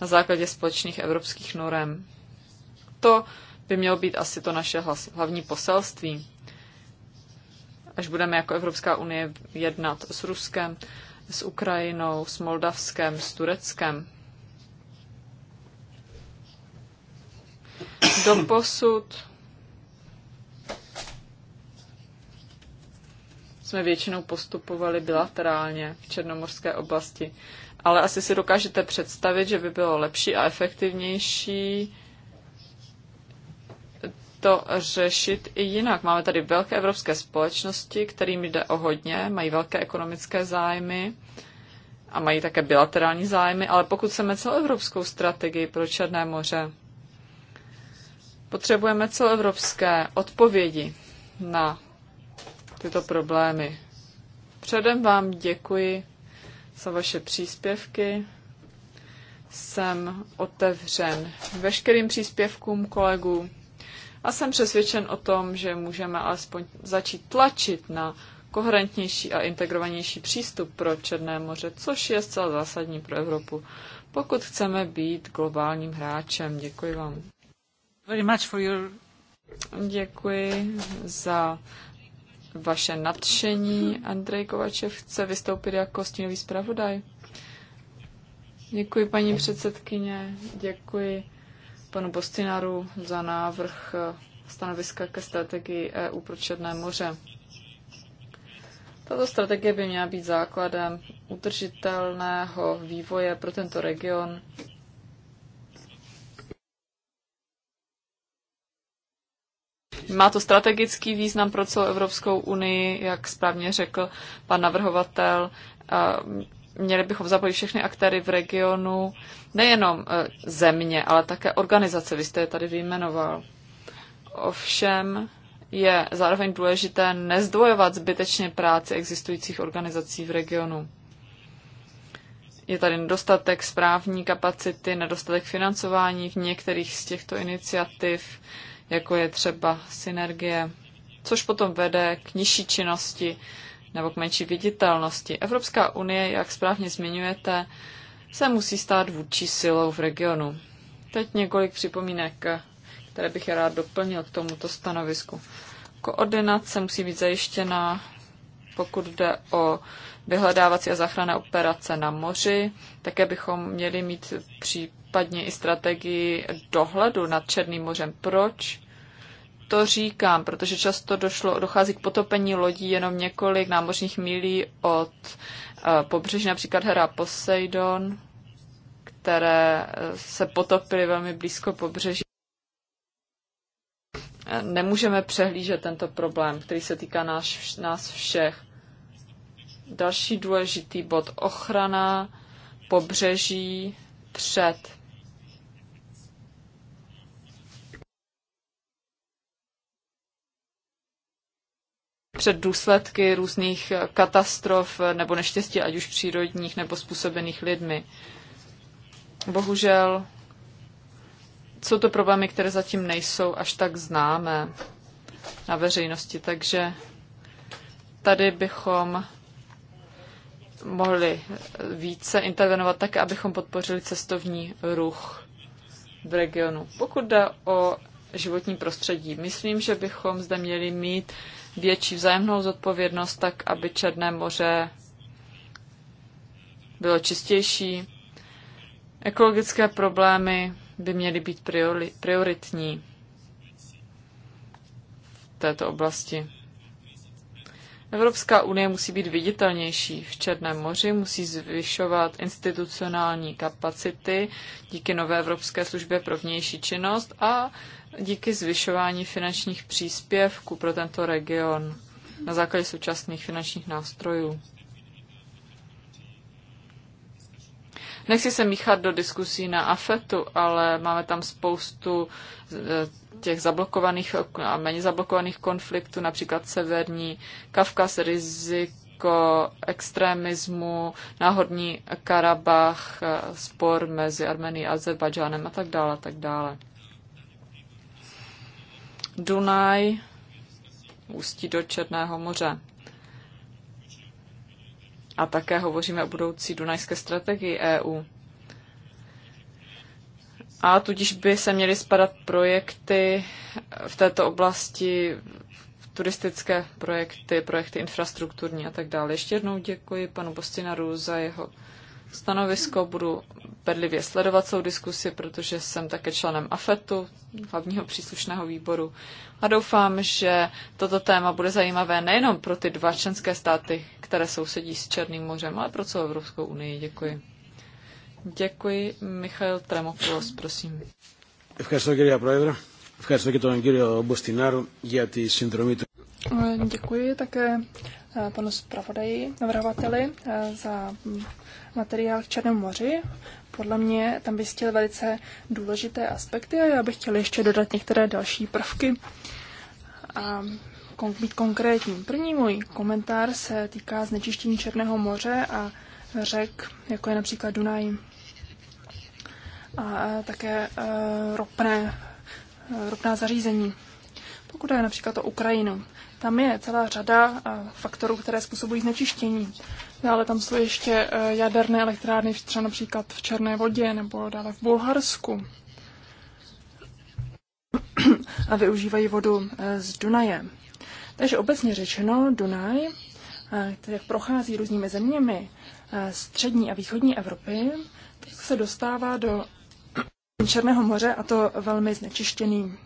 na základě společných evropských norem. To by mělo být asi to naše hlavní poselství. Až budeme jako Evropská unie jednat s Ruskem, s Ukrajinou, s Moldavskem, s Tureckem. Do posud, jsme většinou postupovali bilaterálně v Černomorské oblasti. Ale asi si dokážete představit, že by bylo lepší a efektivnější to řešit i jinak. Máme tady velké evropské společnosti, kterým jde o hodně, mají velké ekonomické zájmy a mají také bilaterální zájmy, ale pokud chceme celoevropskou strategii pro Černé moře, potřebujeme celoevropské odpovědi na tyto problémy. Předem vám děkuji za vaše příspěvky. Jsem otevřen veškerým příspěvkům kolegů a jsem přesvědčen o tom, že můžeme alespoň začít tlačit na koherentnější a integrovanější přístup pro Černé moře, což je zcela zásadní pro Evropu, pokud chceme být globálním hráčem. Děkuji vám. Very much for your... Děkuji za vaše nadšení. Andrej Kovačev chce vystoupit jako stínový zpravodaj. Děkuji, paní předsedkyně. Děkuji panu Bostinaru za návrh eh, stanoviska ke strategii EU pro Černé moře. Tato strategie by měla být základem udržitelného vývoje pro tento region. Má to strategický význam pro celou Evropskou unii, jak správně řekl pan navrhovatel. Eh, měli bychom zapojit všechny aktéry v regionu, nejenom e, země, ale také organizace. Vy jste je tady vyjmenoval. Ovšem je zároveň důležité nezdvojovat zbytečně práci existujících organizací v regionu. Je tady nedostatek správní kapacity, nedostatek financování v některých z těchto iniciativ, jako je třeba synergie, což potom vede k nižší činnosti nebo k menší viditelnosti. Evropská unie, jak správně zmiňujete, se musí stát vůdčí silou v regionu. Teď několik připomínek, které bych rád doplnil k tomuto stanovisku. Koordinace musí být zajištěna, pokud jde o vyhledávací a záchranné operace na moři. Také bychom měli mít případně i strategii dohledu nad Černým mořem. Proč to říkám, protože často došlo, dochází k potopení lodí jenom několik námořních mílí od eh, pobřeží, například hra Poseidon, které eh, se potopily velmi blízko pobřeží. Eh, nemůžeme přehlížet tento problém, který se týká nás, nás všech. Další důležitý bod ochrana pobřeží před před důsledky různých katastrof nebo neštěstí, ať už přírodních nebo způsobených lidmi. Bohužel jsou to problémy, které zatím nejsou až tak známé na veřejnosti, takže tady bychom mohli více intervenovat tak, abychom podpořili cestovní ruch v regionu. Pokud jde o životní prostředí, myslím, že bychom zde měli mít větší vzájemnou zodpovědnost, tak aby Černé moře bylo čistější. Ekologické problémy by měly být prioritní v této oblasti. Evropská unie musí být viditelnější v Černém moři, musí zvyšovat institucionální kapacity díky nové Evropské službě pro vnější činnost a díky zvyšování finančních příspěvků pro tento region na základě současných finančních nástrojů. Nechci se míchat do diskusí na AFETu, ale máme tam spoustu e, těch zablokovaných a méně zablokovaných konfliktů, například Severní Kavkaz, riziko extremismu, náhodní Karabach, e, spor mezi Armenií a Azerbajdžánem a tak dále, tak dále. Dunaj ústí do Černého moře. A také hovoříme o budoucí dunajské strategii EU. A tudíž by se měly spadat projekty v této oblasti, turistické projekty, projekty infrastrukturní a tak dále. Ještě jednou děkuji panu Bostinaru za jeho stanovisko. Budu bedlivě sledovat svou diskusi, protože jsem také členem AFETu, hlavního příslušného výboru. A doufám, že toto téma bude zajímavé nejenom pro ty dva členské státy, které sousedí s Černým mořem, ale pro celou Evropskou unii. Děkuji. Děkuji. Michal Tremopoulos, prosím. Děkuji také panu zpravodaji, navrhovateli, eh, za mm, materiál v Černém moři. Podle mě tam vystil velice důležité aspekty a já bych chtěla ještě dodat některé další prvky a být konkrétní. První můj komentář se týká znečištění Černého moře a řek, jako je například Dunaj a také e, ropné, e, ropná zařízení. Pokud je například o Ukrajinu, tam je celá řada eh, faktorů, které způsobují znečištění. Dále tam jsou ještě eh, jaderné elektrárny, třeba například v Černé vodě nebo dále v Bulharsku. A využívají vodu eh, z Dunaje. Takže obecně řečeno, Dunaj, který prochází různými zeměmi střední a východní Evropy, tak se dostává do Černého moře a to velmi znečištěným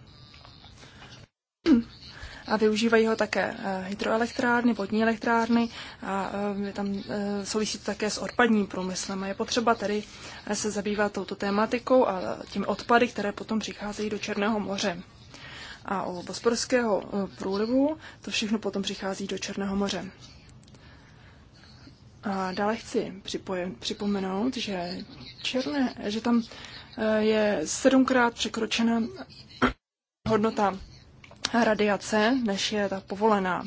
a využívají ho také eh, hydroelektrárny, vodní elektrárny a eh, je tam eh, souvisí to také s odpadním průmyslem. A je potřeba tedy se zabývat touto tématikou a tím odpady, které potom přicházejí do Černého moře. A u bosporského průlivu to všechno potom přichází do Černého moře. A dále chci připoje, připomenout, že, černé, že tam je sedmkrát překročena hodnota radiace, než je ta povolená.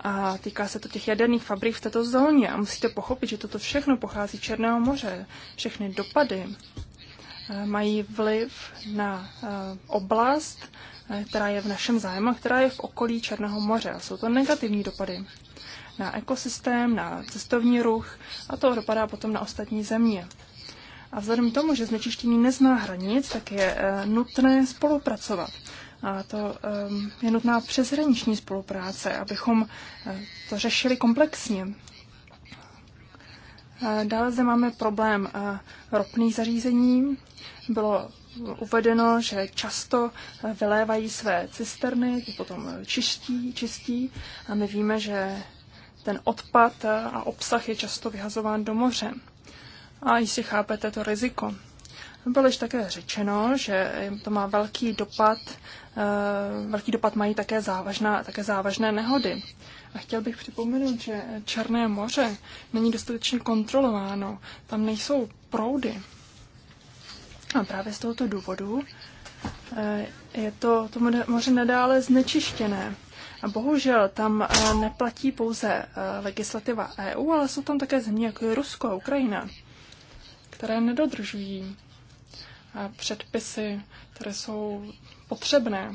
A týká se to těch jaderných fabrik v této zóně. A musíte pochopit, že toto všechno pochází z Černého moře. Všechny dopady eh, mají vliv na eh, oblast, eh, která je v našem zájmu která je v okolí Černého moře. A jsou to negativní dopady na ekosystém, na cestovní ruch a to dopadá potom na ostatní země. A vzhledem k tomu, že znečištění nezná hranic, tak je nutné spolupracovat. A to ehm, je nutná přeshraniční spolupráce, abychom eh, to řešili komplexně. Eh, dále zde máme problém eh, ropných zařízení. Bylo uvedeno, že často vylévají své cisterny, ty potom čistí, čistí a my víme, že ten odpad a obsah je často vyhazován do moře. A jestli chápete to riziko. Bylo již také řečeno, že to má velký dopad, eh, velký dopad mají také, závažná, také závažné nehody. A chtěl bych připomenout, že Černé moře není dostatečně kontrolováno. Tam nejsou proudy. A právě z tohoto důvodu eh, je to, to moře nadále znečištěné. A bohužel tam eh, neplatí pouze legislativa EU, ale jsou tam také země jako je Rusko a Ukrajina, které nedodržují předpisy, které jsou potřebné,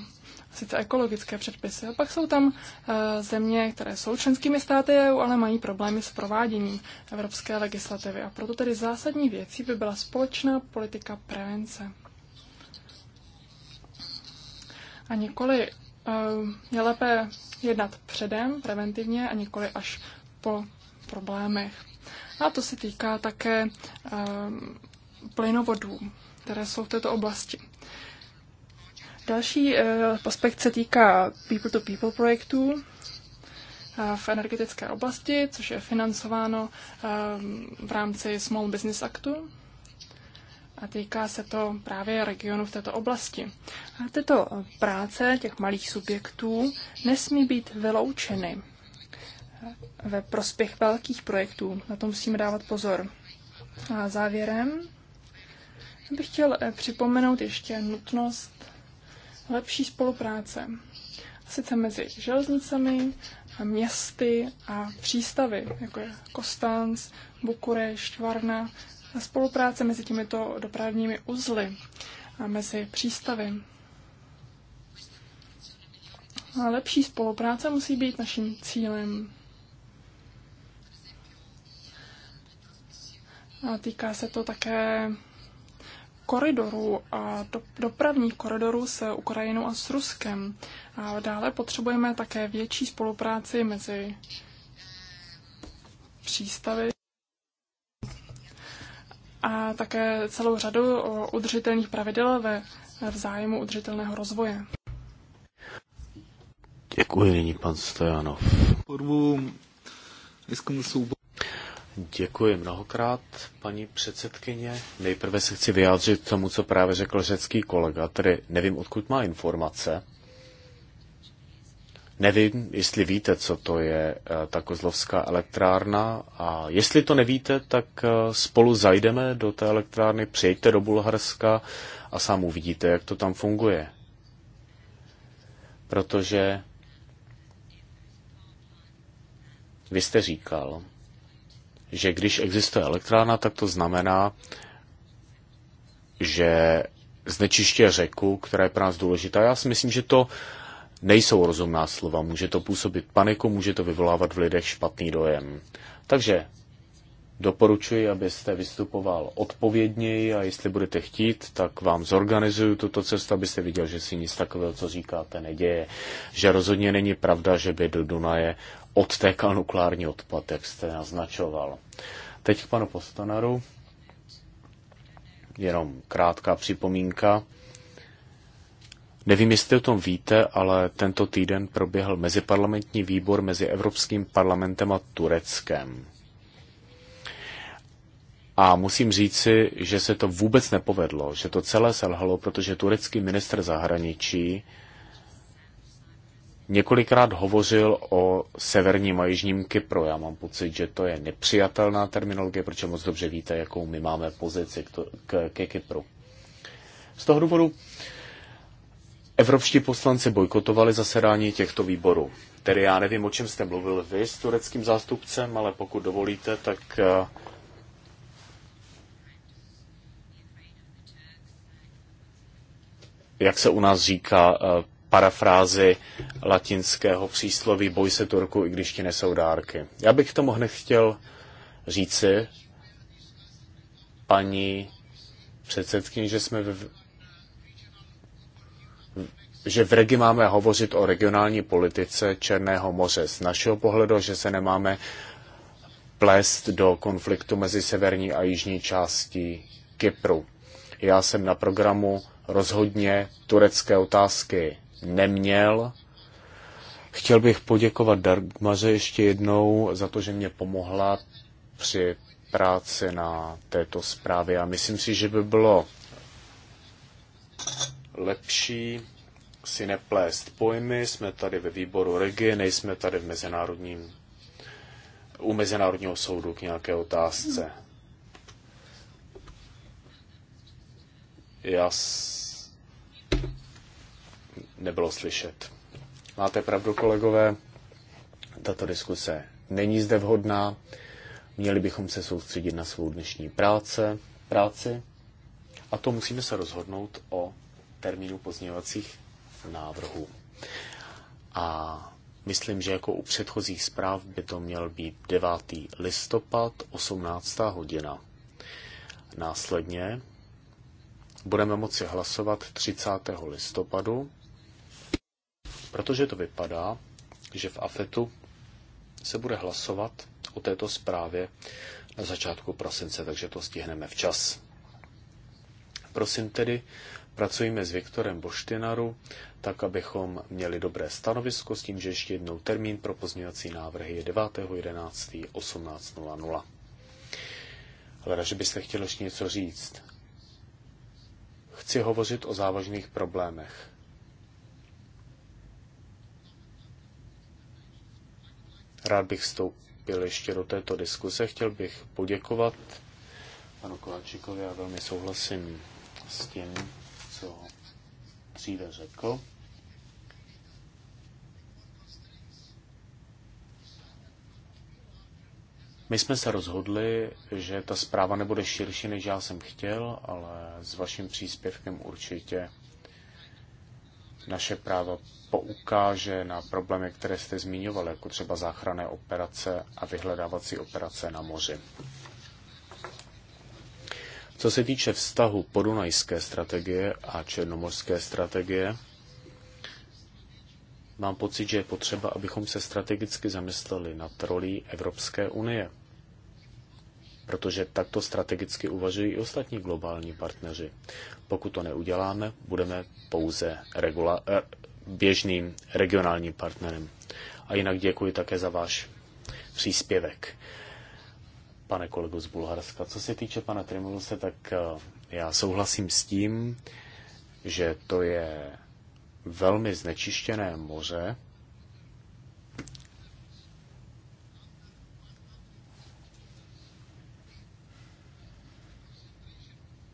sice ekologické předpisy. A pak jsou tam eh, země, které jsou členskými státy EU, ale mají problémy s prováděním evropské legislativy. A proto tedy zásadní věcí by byla společná politika prevence. A nikoli eh, je lépe jednat předem, preventivně, a nikoli až po problémech. A to se týká také eh, plynovodů které jsou v této oblasti. Další eh, aspekt se týká people-to-people -people projektů eh, v energetické oblasti, což je financováno eh, v rámci Small Business Actu a týká se to právě regionu v této oblasti. A tyto práce těch malých subjektů nesmí být vyloučeny ve prospěch velkých projektů. Na to musíme dávat pozor. A závěrem bych chtěl eh, připomenout ještě nutnost lepší spolupráce. Sice mezi železnicemi, městy a přístavy, jako je Kostanc, Bukurešť, Varna, a spolupráce mezi těmito dopravními uzly a mezi přístavy. A lepší spolupráce musí být naším cílem. A týká se to také koridorů a do, dopravních koridorů se Ukrajinou a s Ruskem. A dále potřebujeme také větší spolupráci mezi přístavy a také celou řadu udržitelných pravidel ve v zájmu udržitelného rozvoje. Děkuji, nyní pan Stojanov. Prvu, Děkuji mnohokrát, paní předsedkyně. Nejprve se chci vyjádřit tomu, co právě řekl řecký kolega, tedy nevím, odkud má informace. Nevím, jestli víte, co to je eh, ta kozlovská elektrárna a jestli to nevíte, tak eh, spolu zajdeme do té elektrárny, přijďte do Bulharska a sám uvidíte, jak to tam funguje. Protože vy jste říkal, že když existuje elektrána, tak to znamená, že znečiště řeku, která je pro nás důležitá. Já si myslím, že to nejsou rozumná slova. Může to působit paniku, může to vyvolávat v lidech špatný dojem. Takže Doporučuji, abyste vystupoval odpovědněji a jestli budete chtít, tak vám zorganizuju tuto cestu, abyste viděl, že si nic takového, co říkáte, neděje. Že rozhodně není pravda, že by do Dunaje odtékal nukleární odpad, jak jste naznačoval. Teď k panu Postanaru. Jenom krátká připomínka. Nevím, jestli o tom víte, ale tento týden proběhl meziparlamentní výbor mezi Evropským parlamentem a Tureckem. A musím říci, že se to vůbec nepovedlo, že to celé selhalo, protože turecký ministr zahraničí několikrát hovořil o severním a jižním Kypru. Já mám pocit, že to je nepřijatelná terminologie, protože moc dobře víte, jakou my máme pozici k to, k, ke Kypru. Z toho důvodu evropští poslanci bojkotovali zasedání těchto výborů. Tedy já nevím, o čem jste mluvil vy s tureckým zástupcem, ale pokud dovolíte, tak uh, jak se u nás říká, eh, parafrázi latinského přísloví boj se Turku, i když ti nesou dárky. Já bych k tomu hned chtěl říci, paní předsedkyně, že jsme v, že v regi máme hovořit o regionální politice Černého moře z našeho pohledu, že se nemáme plést do konfliktu mezi severní a jižní částí Kypru. Já jsem na programu rozhodně turecké otázky neměl. Chtěl bych poděkovat Dargmaře ještě jednou za to, že mě pomohla při práci na této zprávě a myslím si, že by bylo lepší si neplést pojmy. Jsme tady ve výboru Regi, nejsme tady v mezinárodním, u Mezinárodního soudu k nějaké otázce. Já nebylo slyšet. Máte pravdu, kolegové, tato diskuse není zde vhodná. Měli bychom se soustředit na svou dnešní práce, práci a to musíme se rozhodnout o termínu pozměňovacích návrhů. A myslím, že jako u předchozích zpráv by to měl být 9. listopad, 18. hodina. Následně budeme moci hlasovat 30. listopadu Protože to vypadá, že v AFETu se bude hlasovat o této zprávě na začátku prosince, takže to stihneme včas. Prosím tedy, pracujeme s Viktorem Boštinaru, tak abychom měli dobré stanovisko s tím, že ještě jednou termín pro pozměňovací návrhy je 9.11.18.00. Hleda, že byste chtěli ještě něco říct. Chci hovořit o závažných problémech. Rád bych vstoupil ještě do této diskuse. Chtěl bych poděkovat panu Kováčikovi. Já velmi souhlasím s tím, co dříve řekl. My jsme se rozhodli, že ta zpráva nebude širší, než já jsem chtěl, ale s vaším příspěvkem určitě naše práva poukáže na problémy, které jste zmiňoval, jako třeba záchranné operace a vyhledávací operace na moři. Co se týče vztahu podunajské strategie a černomorské strategie, mám pocit, že je potřeba, abychom se strategicky zamysleli na rolí Evropské unie. Protože takto strategicky uvažují i ostatní globální partneři. Pokud to neuděláme, budeme pouze regula- eh, běžným regionálním partnerem. A jinak děkuji také za váš příspěvek, pane kolego z Bulharska. Co se týče pana Trimuluse, tak eh, já souhlasím s tím, že to je velmi znečištěné moře,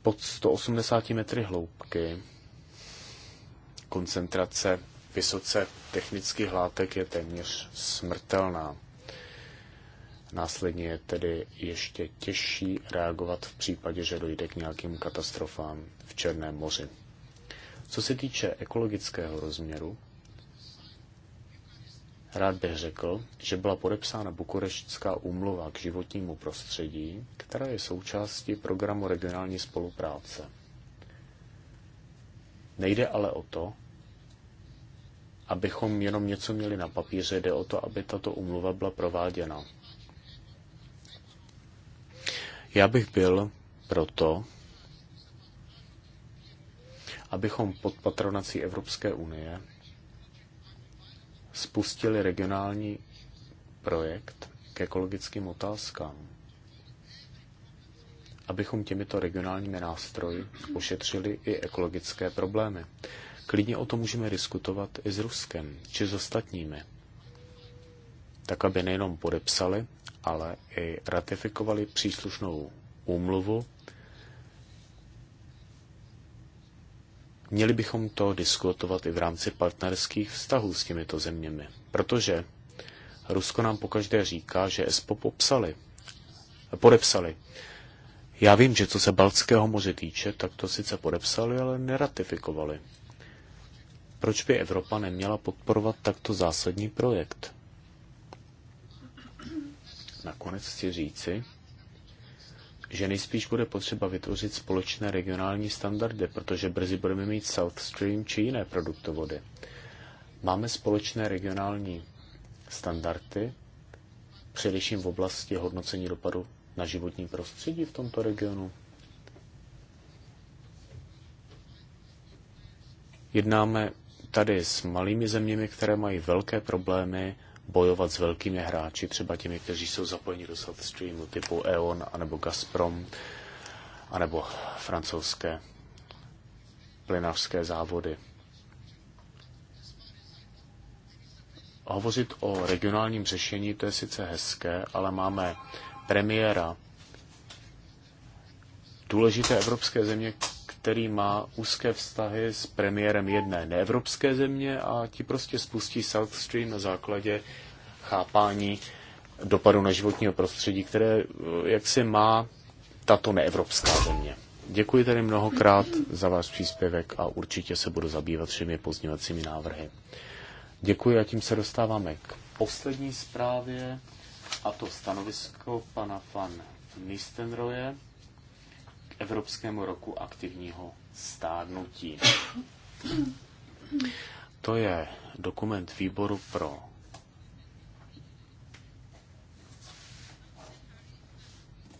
pod 180 metry hloubky koncentrace vysoce technických látek je téměř smrtelná. Následně je tedy ještě těžší reagovat v případě, že dojde k nějakým katastrofám v Černém moři. Co se týče ekologického rozměru, rád bych řekl, že byla podepsána Bukureštská úmluva k životnímu prostředí, která je součástí programu regionální spolupráce. Nejde ale o to, abychom jenom něco měli na papíře, jde o to, aby tato umluva byla prováděna. Já bych byl proto, abychom pod patronací Evropské unie spustili regionální projekt k ekologickým otázkám abychom těmito regionálními nástroji ošetřili i ekologické problémy. Klidně o tom můžeme diskutovat i s Ruskem, či s ostatními, tak aby nejenom podepsali, ale i ratifikovali příslušnou úmluvu. Měli bychom to diskutovat i v rámci partnerských vztahů s těmito zeměmi, protože Rusko nám pokaždé říká, že ESPO popsali, podepsali, já vím, že co se Baltského moře týče, tak to sice podepsali, ale neratifikovali. Proč by Evropa neměla podporovat takto zásadní projekt? Nakonec chci říci, že nejspíš bude potřeba vytvořit společné regionální standardy, protože brzy budeme mít South Stream či jiné produktovody. Máme společné regionální standardy, především v oblasti hodnocení dopadu na životní prostředí v tomto regionu? Jednáme tady s malými zeměmi, které mají velké problémy bojovat s velkými hráči, třeba těmi, kteří jsou zapojeni do South Streamu, typu E.ON, anebo Gazprom, anebo francouzské plynářské závody. Hovořit o regionálním řešení, to je sice hezké, ale máme premiéra důležité evropské země, který má úzké vztahy s premiérem jedné neevropské země a ti prostě spustí South Stream na základě chápání dopadu na životního prostředí, které eh, jak si má tato neevropská země. Děkuji tedy mnohokrát za váš příspěvek a určitě se budu zabývat všemi pozdňovacími návrhy. Děkuji a tím se dostáváme k poslední zprávě a to stanovisko pana van Nistenroje k Evropskému roku aktivního stárnutí. To je dokument výboru pro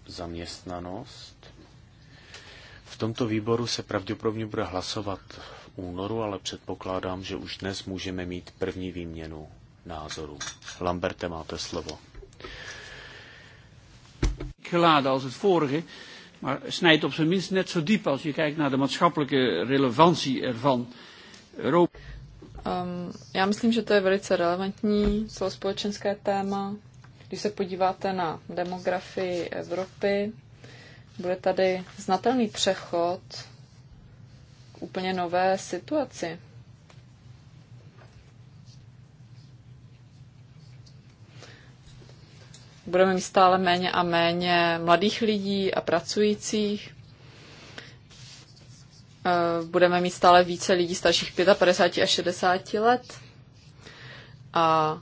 zaměstnanost. V tomto výboru se pravděpodobně bude hlasovat v únoru, ale předpokládám, že už dnes můžeme mít první výměnu názorů. Lamberte, máte slovo. Geladen als het vorige, maar snijdt op zijn minst net zo diep als je kijkt naar de maatschappelijke relevantie ervan. Europa... Um, já myslím, že to je velice relevantní celospolečenské téma. Když se podíváte na demografii Evropy, bude tady znatelný přechod k úplně nové situaci. budeme mít stále méně a méně mladých lidí a pracujících. Eh, budeme mít stále více lidí starších 55 a 60 let. A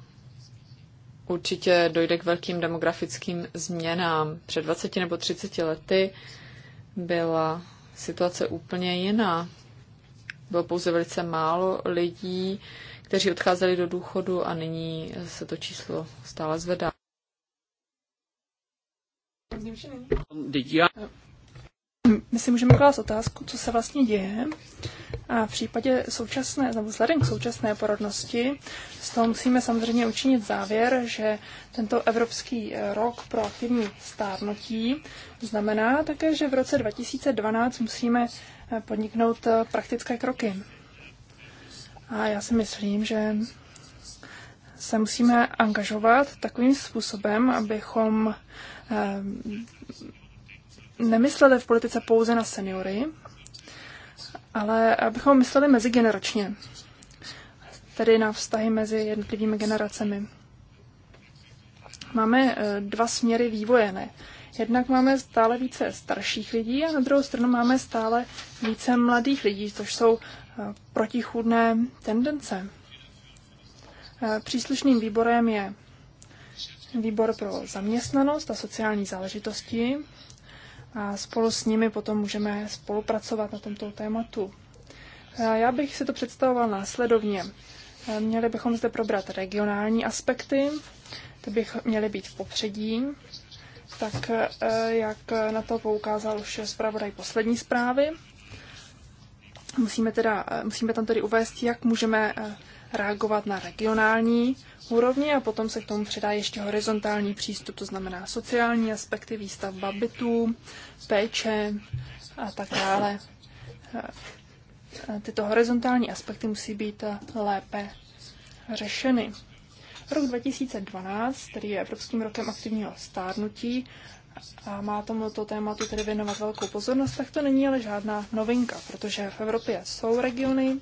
určitě dojde k velkým demografickým změnám. Před 20 nebo 30 lety byla situace úplně jiná. Bylo pouze velice málo lidí, kteří odcházeli do důchodu a nyní se to číslo stále zvedá zničený. My si můžeme klást otázku, co se vlastně děje. A v případě současné, nebo vzhledem k současné porodnosti, z toho musíme samozřejmě učinit závěr, že tento Evropský rok pro aktivní stárnutí znamená také, že v roce 2012 musíme eh, podniknout eh, praktické kroky. A já si myslím, že se musíme angažovat takovým způsobem, abychom Ehm, nemysleli v politice pouze na seniory, ale abychom mysleli mezigeneračně, tedy na vztahy mezi jednotlivými generacemi. Máme eh, dva směry vývoje, ne? Jednak máme stále více starších lidí a na druhou stranu máme stále více mladých lidí, což jsou eh, protichůdné tendence. Eh, příslušným výborem je výbor pro zaměstnanost a sociální záležitosti a spolu s nimi potom můžeme spolupracovat na tomto tématu. Já bych si to představoval následovně. Měli bychom zde probrat regionální aspekty, ty bych měly být v popředí, tak e, jak na to poukázal už zpravodaj poslední zprávy. Musíme, teda, e, musíme tam tedy uvést, jak můžeme e, reagovat na regionální úrovni a potom se k tomu přidá ještě horizontální přístup, to znamená sociální aspekty, výstavba bytů, péče a tak dále. Eh, tyto horizontální aspekty musí být eh, lépe řešeny. Rok 2012, který je Evropským rokem aktivního stárnutí, a má tomuto tématu tedy věnovat velkou pozornost, tak to není ale žádná novinka, protože v Evropě jsou regiony,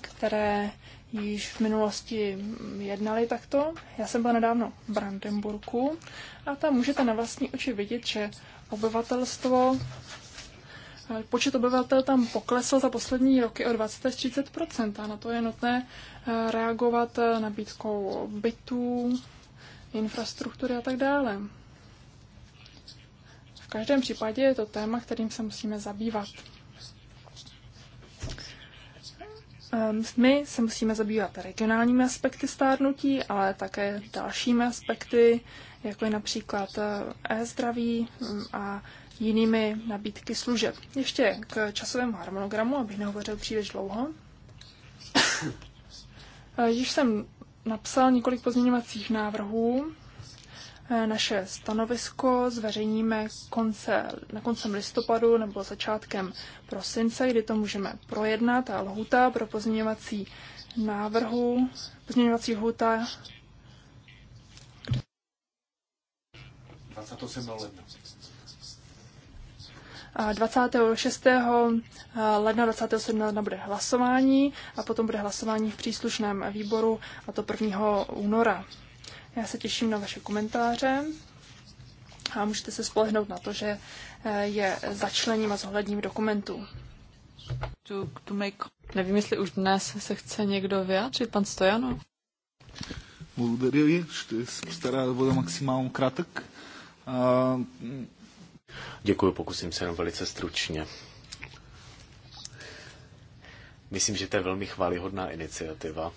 které již v minulosti jednali takto. Já jsem byla nedávno v Brandenburku a tam můžete na vlastní oči vidět, že obyvatelstvo, eh, počet obyvatel tam poklesl za poslední roky o 20 až 30 a na to je nutné eh, reagovat eh, nabídkou bytů, infrastruktury a tak dále. V každém případě je to téma, kterým se musíme zabývat. Ehm, my se musíme zabývat regionálními aspekty stárnutí, ale také dalšími aspekty, jako je například eh, e-zdraví mm, a jinými nabídky služeb. Ještě k časovému harmonogramu, abych nehovořil příliš dlouho. Eh, již jsem napsal několik pozměňovacích návrhů Eh, naše stanovisko zveřejníme konce, na koncem listopadu nebo začátkem prosince, kdy to můžeme projednat a lhuta pro pozměňovací návrhu, pozměňovací lhuta 28. Eh, ledna. 26. ledna 27. ledna bude hlasování a potom bude hlasování v příslušném výboru a to 1. února. Já se těším na vaše komentáře a můžete se spolehnout na to, že eh, je začlením a zohledním dokumentů. To, to make... Nevím, jestli už dnes se chce někdo vyjádřit, pan Stojano. Благодаря Ще се да бъда максимално кратък. А... Děkuji, pokusím se jenom velice stručně. Myslím, že to je velmi chválihodná iniciativa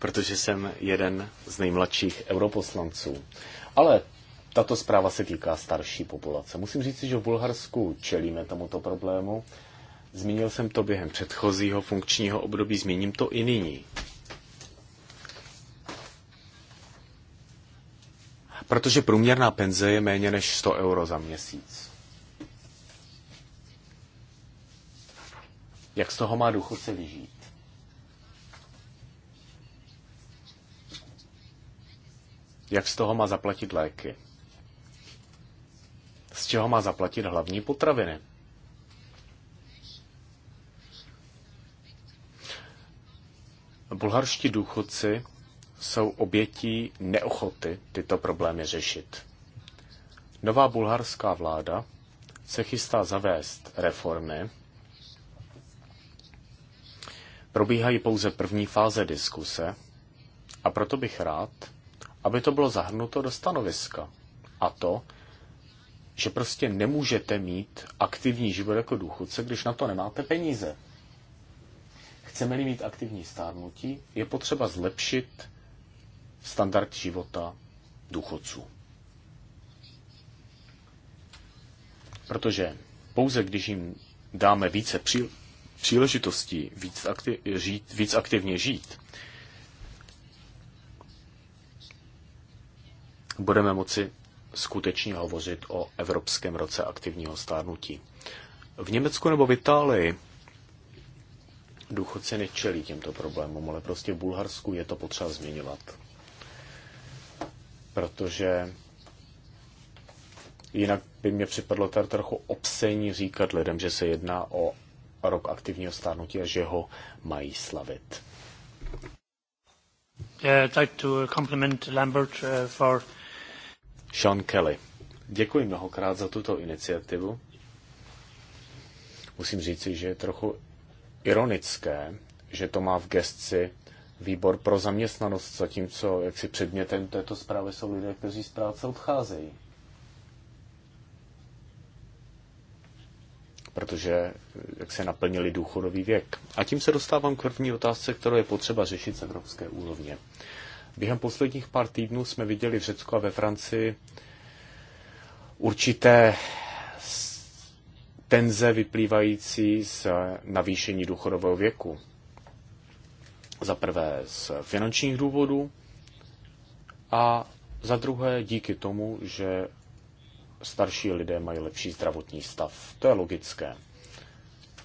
protože jsem jeden z nejmladších europoslanců. Ale tato zpráva se týká starší populace. Musím říct, že v Bulharsku čelíme tomuto problému. Zmínil jsem to během předchozího funkčního období, zmíním to i nyní. Protože průměrná penze je méně než 100 euro za měsíc. Jak z toho má důchodce vyžít? jak z toho má zaplatit léky. Z čeho má zaplatit hlavní potraviny. Bulharští důchodci jsou obětí neochoty tyto problémy řešit. Nová bulharská vláda se chystá zavést reformy. Probíhají pouze první fáze diskuse a proto bych rád, aby to bylo zahrnuto do stanoviska. A to, že prostě nemůžete mít aktivní život jako důchodce, když na to nemáte peníze. Chceme-li mít aktivní stárnutí, je potřeba zlepšit standard života důchodců. Protože pouze když jim dáme více příležitostí víc, aktiv, žít, víc aktivně žít, budeme moci skutečně hovořit o Evropském roce aktivního stárnutí. V Německu nebo v Itálii důchodci nečelí těmto problémům, ale prostě v Bulharsku je to potřeba změňovat. Protože jinak by mě připadlo tady trochu obscení říkat lidem, že se jedná o rok aktivního stárnutí a že ho mají slavit. Yeah, I'd like to compliment Lambert uh, for Sean Kelly. Děkuji mnohokrát za tuto iniciativu. Musím říci, že je trochu ironické, že to má v gestci výbor pro zaměstnanost, zatímco jaksi předmětem této zprávy jsou lidé, kteří z práce odcházejí. protože jak se naplnili důchodový věk. A tím se dostávám k první otázce, kterou je potřeba řešit z evropské úrovně. Během posledních pár týdnů jsme viděli v Řecku a ve Francii určité tenze vyplývající z navýšení důchodového věku. Za prvé z finančních důvodů a za druhé díky tomu, že starší lidé mají lepší zdravotní stav. To je logické.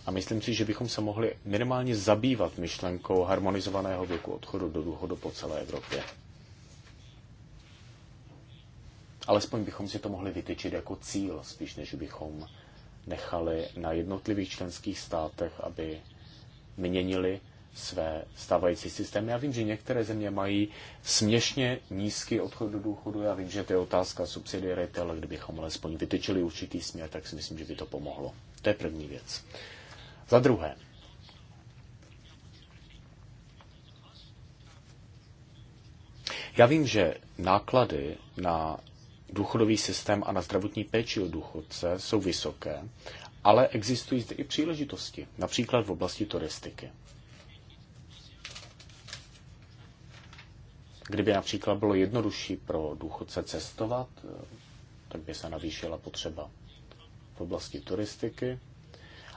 A myslím si, že bychom se mohli minimálně zabývat myšlenkou harmonizovaného věku odchodu do důchodu po celé Evropě. Alespoň bychom si to mohli vytyčit jako cíl, spíš než bychom nechali na jednotlivých členských státech, aby měnili své stávající systémy. Já vím, že některé země mají směšně nízký odchod do důchodu. Já vím, že to je otázka subsidiarity, ale kdybychom alespoň vytyčili určitý směr, tak si myslím, že by to pomohlo. To je první věc. Za druhé, já vím, že náklady na důchodový systém a na zdravotní péči o důchodce jsou vysoké, ale existují zde i příležitosti, například v oblasti turistiky. Kdyby například bylo jednodušší pro důchodce cestovat, eh, tak by se navýšila potřeba v oblasti turistiky.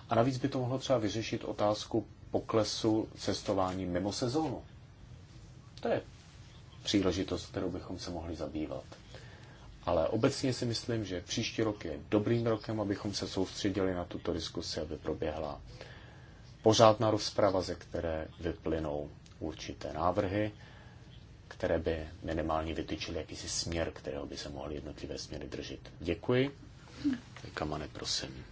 A navíc by to mohlo třeba vyřešit otázku poklesu cestování mimo sezónu. To je příležitost, kterou bychom se mohli zabývat. Ale obecně si myslím, že příští rok je dobrým rokem, abychom se soustředili na tuto diskusi, aby proběhla pořádná rozprava, ze které vyplynou určité návrhy, které by minimálně vytyčily jakýsi směr, kterého by se mohly jednotlivé směry držet. Děkuji. Kamane, prosím.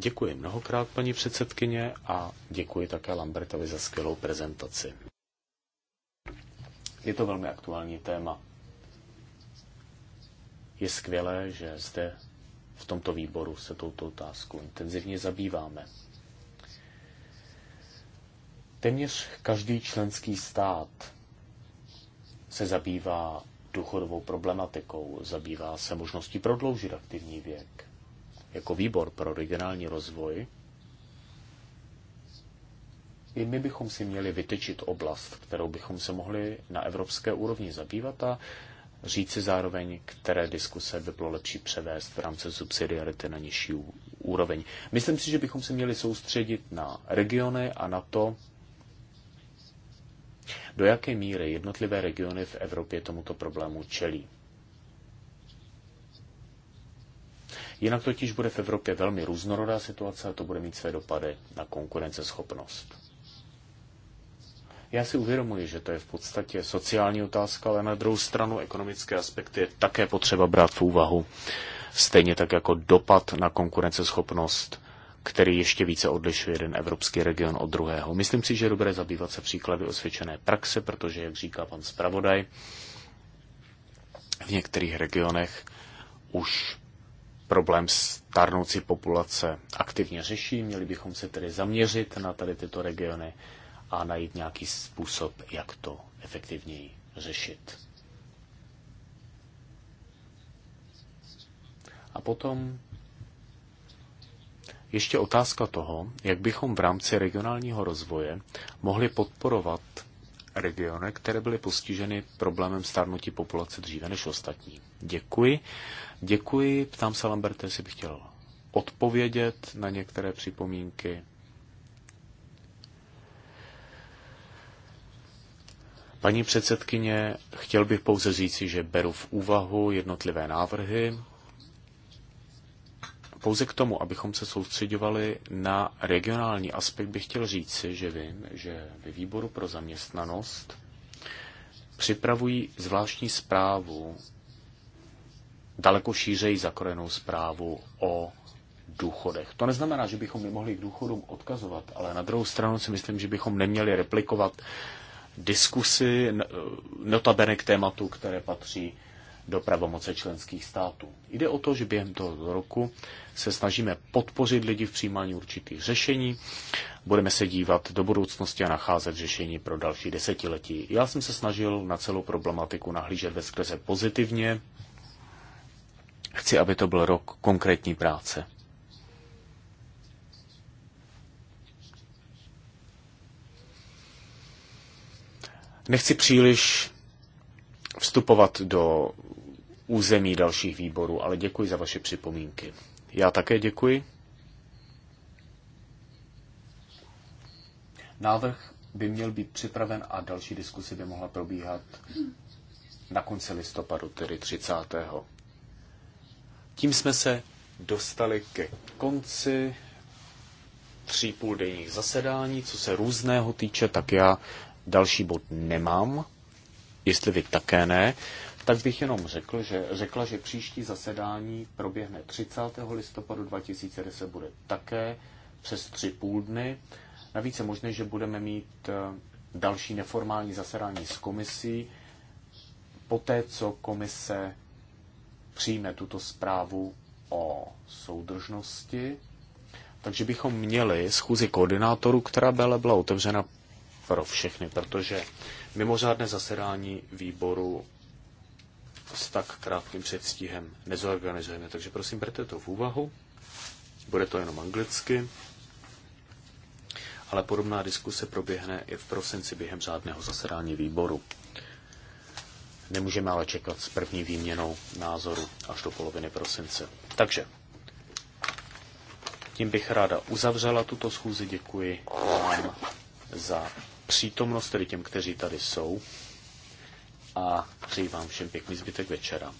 Děkuji mnohokrát, paní předsedkyně, a děkuji také Lambertovi za skvělou prezentaci. Je to velmi aktuální téma. Je skvělé, že zde v tomto výboru se touto otázkou intenzivně zabýváme. Téměř každý členský stát se zabývá důchodovou problematikou, zabývá se možností prodloužit aktivní věk, jako výbor pro regionální rozvoj, i my bychom si měli vytyčit oblast, kterou bychom se mohli na evropské úrovni zabývat a říci zároveň, které diskuse by bylo lepší převést v rámci subsidiarity na nižší úroveň. Myslím si, že bychom se měli soustředit na regiony a na to, do jaké míry jednotlivé regiony v Evropě tomuto problému čelí. Jinak totiž bude v Evropě velmi různorodá situace a to bude mít své dopady na konkurenceschopnost. Já si uvědomuji, že to je v podstatě sociální otázka, ale na druhou stranu ekonomické aspekty je také potřeba brát v úvahu, stejně tak jako dopad na konkurenceschopnost který ještě více odlišuje jeden evropský region od druhého. Myslím si, že je dobré zabývat se příklady osvědčené praxe, protože, jak říká pan zpravodaj, v některých regionech už problém starnoucí populace aktivně řeší. Měli bychom se tedy zaměřit na tady tyto regiony a najít nějaký způsob, jak to efektivněji řešit. A potom ještě otázka toho, jak bychom v rámci regionálního rozvoje mohli podporovat regionech, které byly postiženy problémem stárnutí populace dříve než ostatní. Děkuji. Děkuji. Ptám se Lamberte, jestli bych chtěl odpovědět na některé připomínky. Paní předsedkyně, chtěl bych pouze říci, že beru v úvahu jednotlivé návrhy pouze k tomu, abychom se soustředovali na regionální aspekt, bych chtěl říci, že vím, že ve výboru pro zaměstnanost připravují zvláštní zprávu, daleko šířejí zakorenou zprávu o důchodech. To neznamená, že bychom nemohli k důchodům odkazovat, ale na druhou stranu si myslím, že bychom neměli replikovat diskusy notabene k tématu, které patří do pravomoce členských států. Jde o to, že během toho roku se snažíme podpořit lidi v přijímání určitých řešení, budeme se dívat do budoucnosti a nacházet řešení pro další desetiletí. Já jsem se snažil na celou problematiku nahlížet ve skrze pozitivně. Chci, aby to byl rok konkrétní práce. Nechci příliš vstupovat do území dalších výborů, ale děkuji za vaše připomínky. Já také děkuji. Návrh by měl být připraven a další diskuse by mohla probíhat na konci listopadu, tedy 30. Tím jsme se dostali ke konci tří půl denních zasedání. Co se různého týče, tak já další bod nemám, jestli vy také ne tak bych jenom řekl, že řekla, že příští zasedání proběhne 30. listopadu 2010, bude také přes tři půl dny. Navíc je možné, že budeme mít eh, další neformální zasedání s komisí, poté co komise přijme tuto zprávu o soudržnosti. Takže bychom měli schůzi koordinátorů, která byla, byla otevřena pro všechny, protože mimořádné zasedání výboru s tak krátkým předstihem nezorganizujeme. Takže prosím, berte to v úvahu. Bude to jenom anglicky, ale podobná diskuse proběhne i v prosinci během řádného zasedání výboru. Nemůžeme ale čekat s první výměnou názoru až do poloviny prosince. Takže tím bych ráda uzavřela tuto schůzi. Děkuji vám za přítomnost, tedy těm, kteří tady jsou a přeji vám všem pěkný zbytek večera.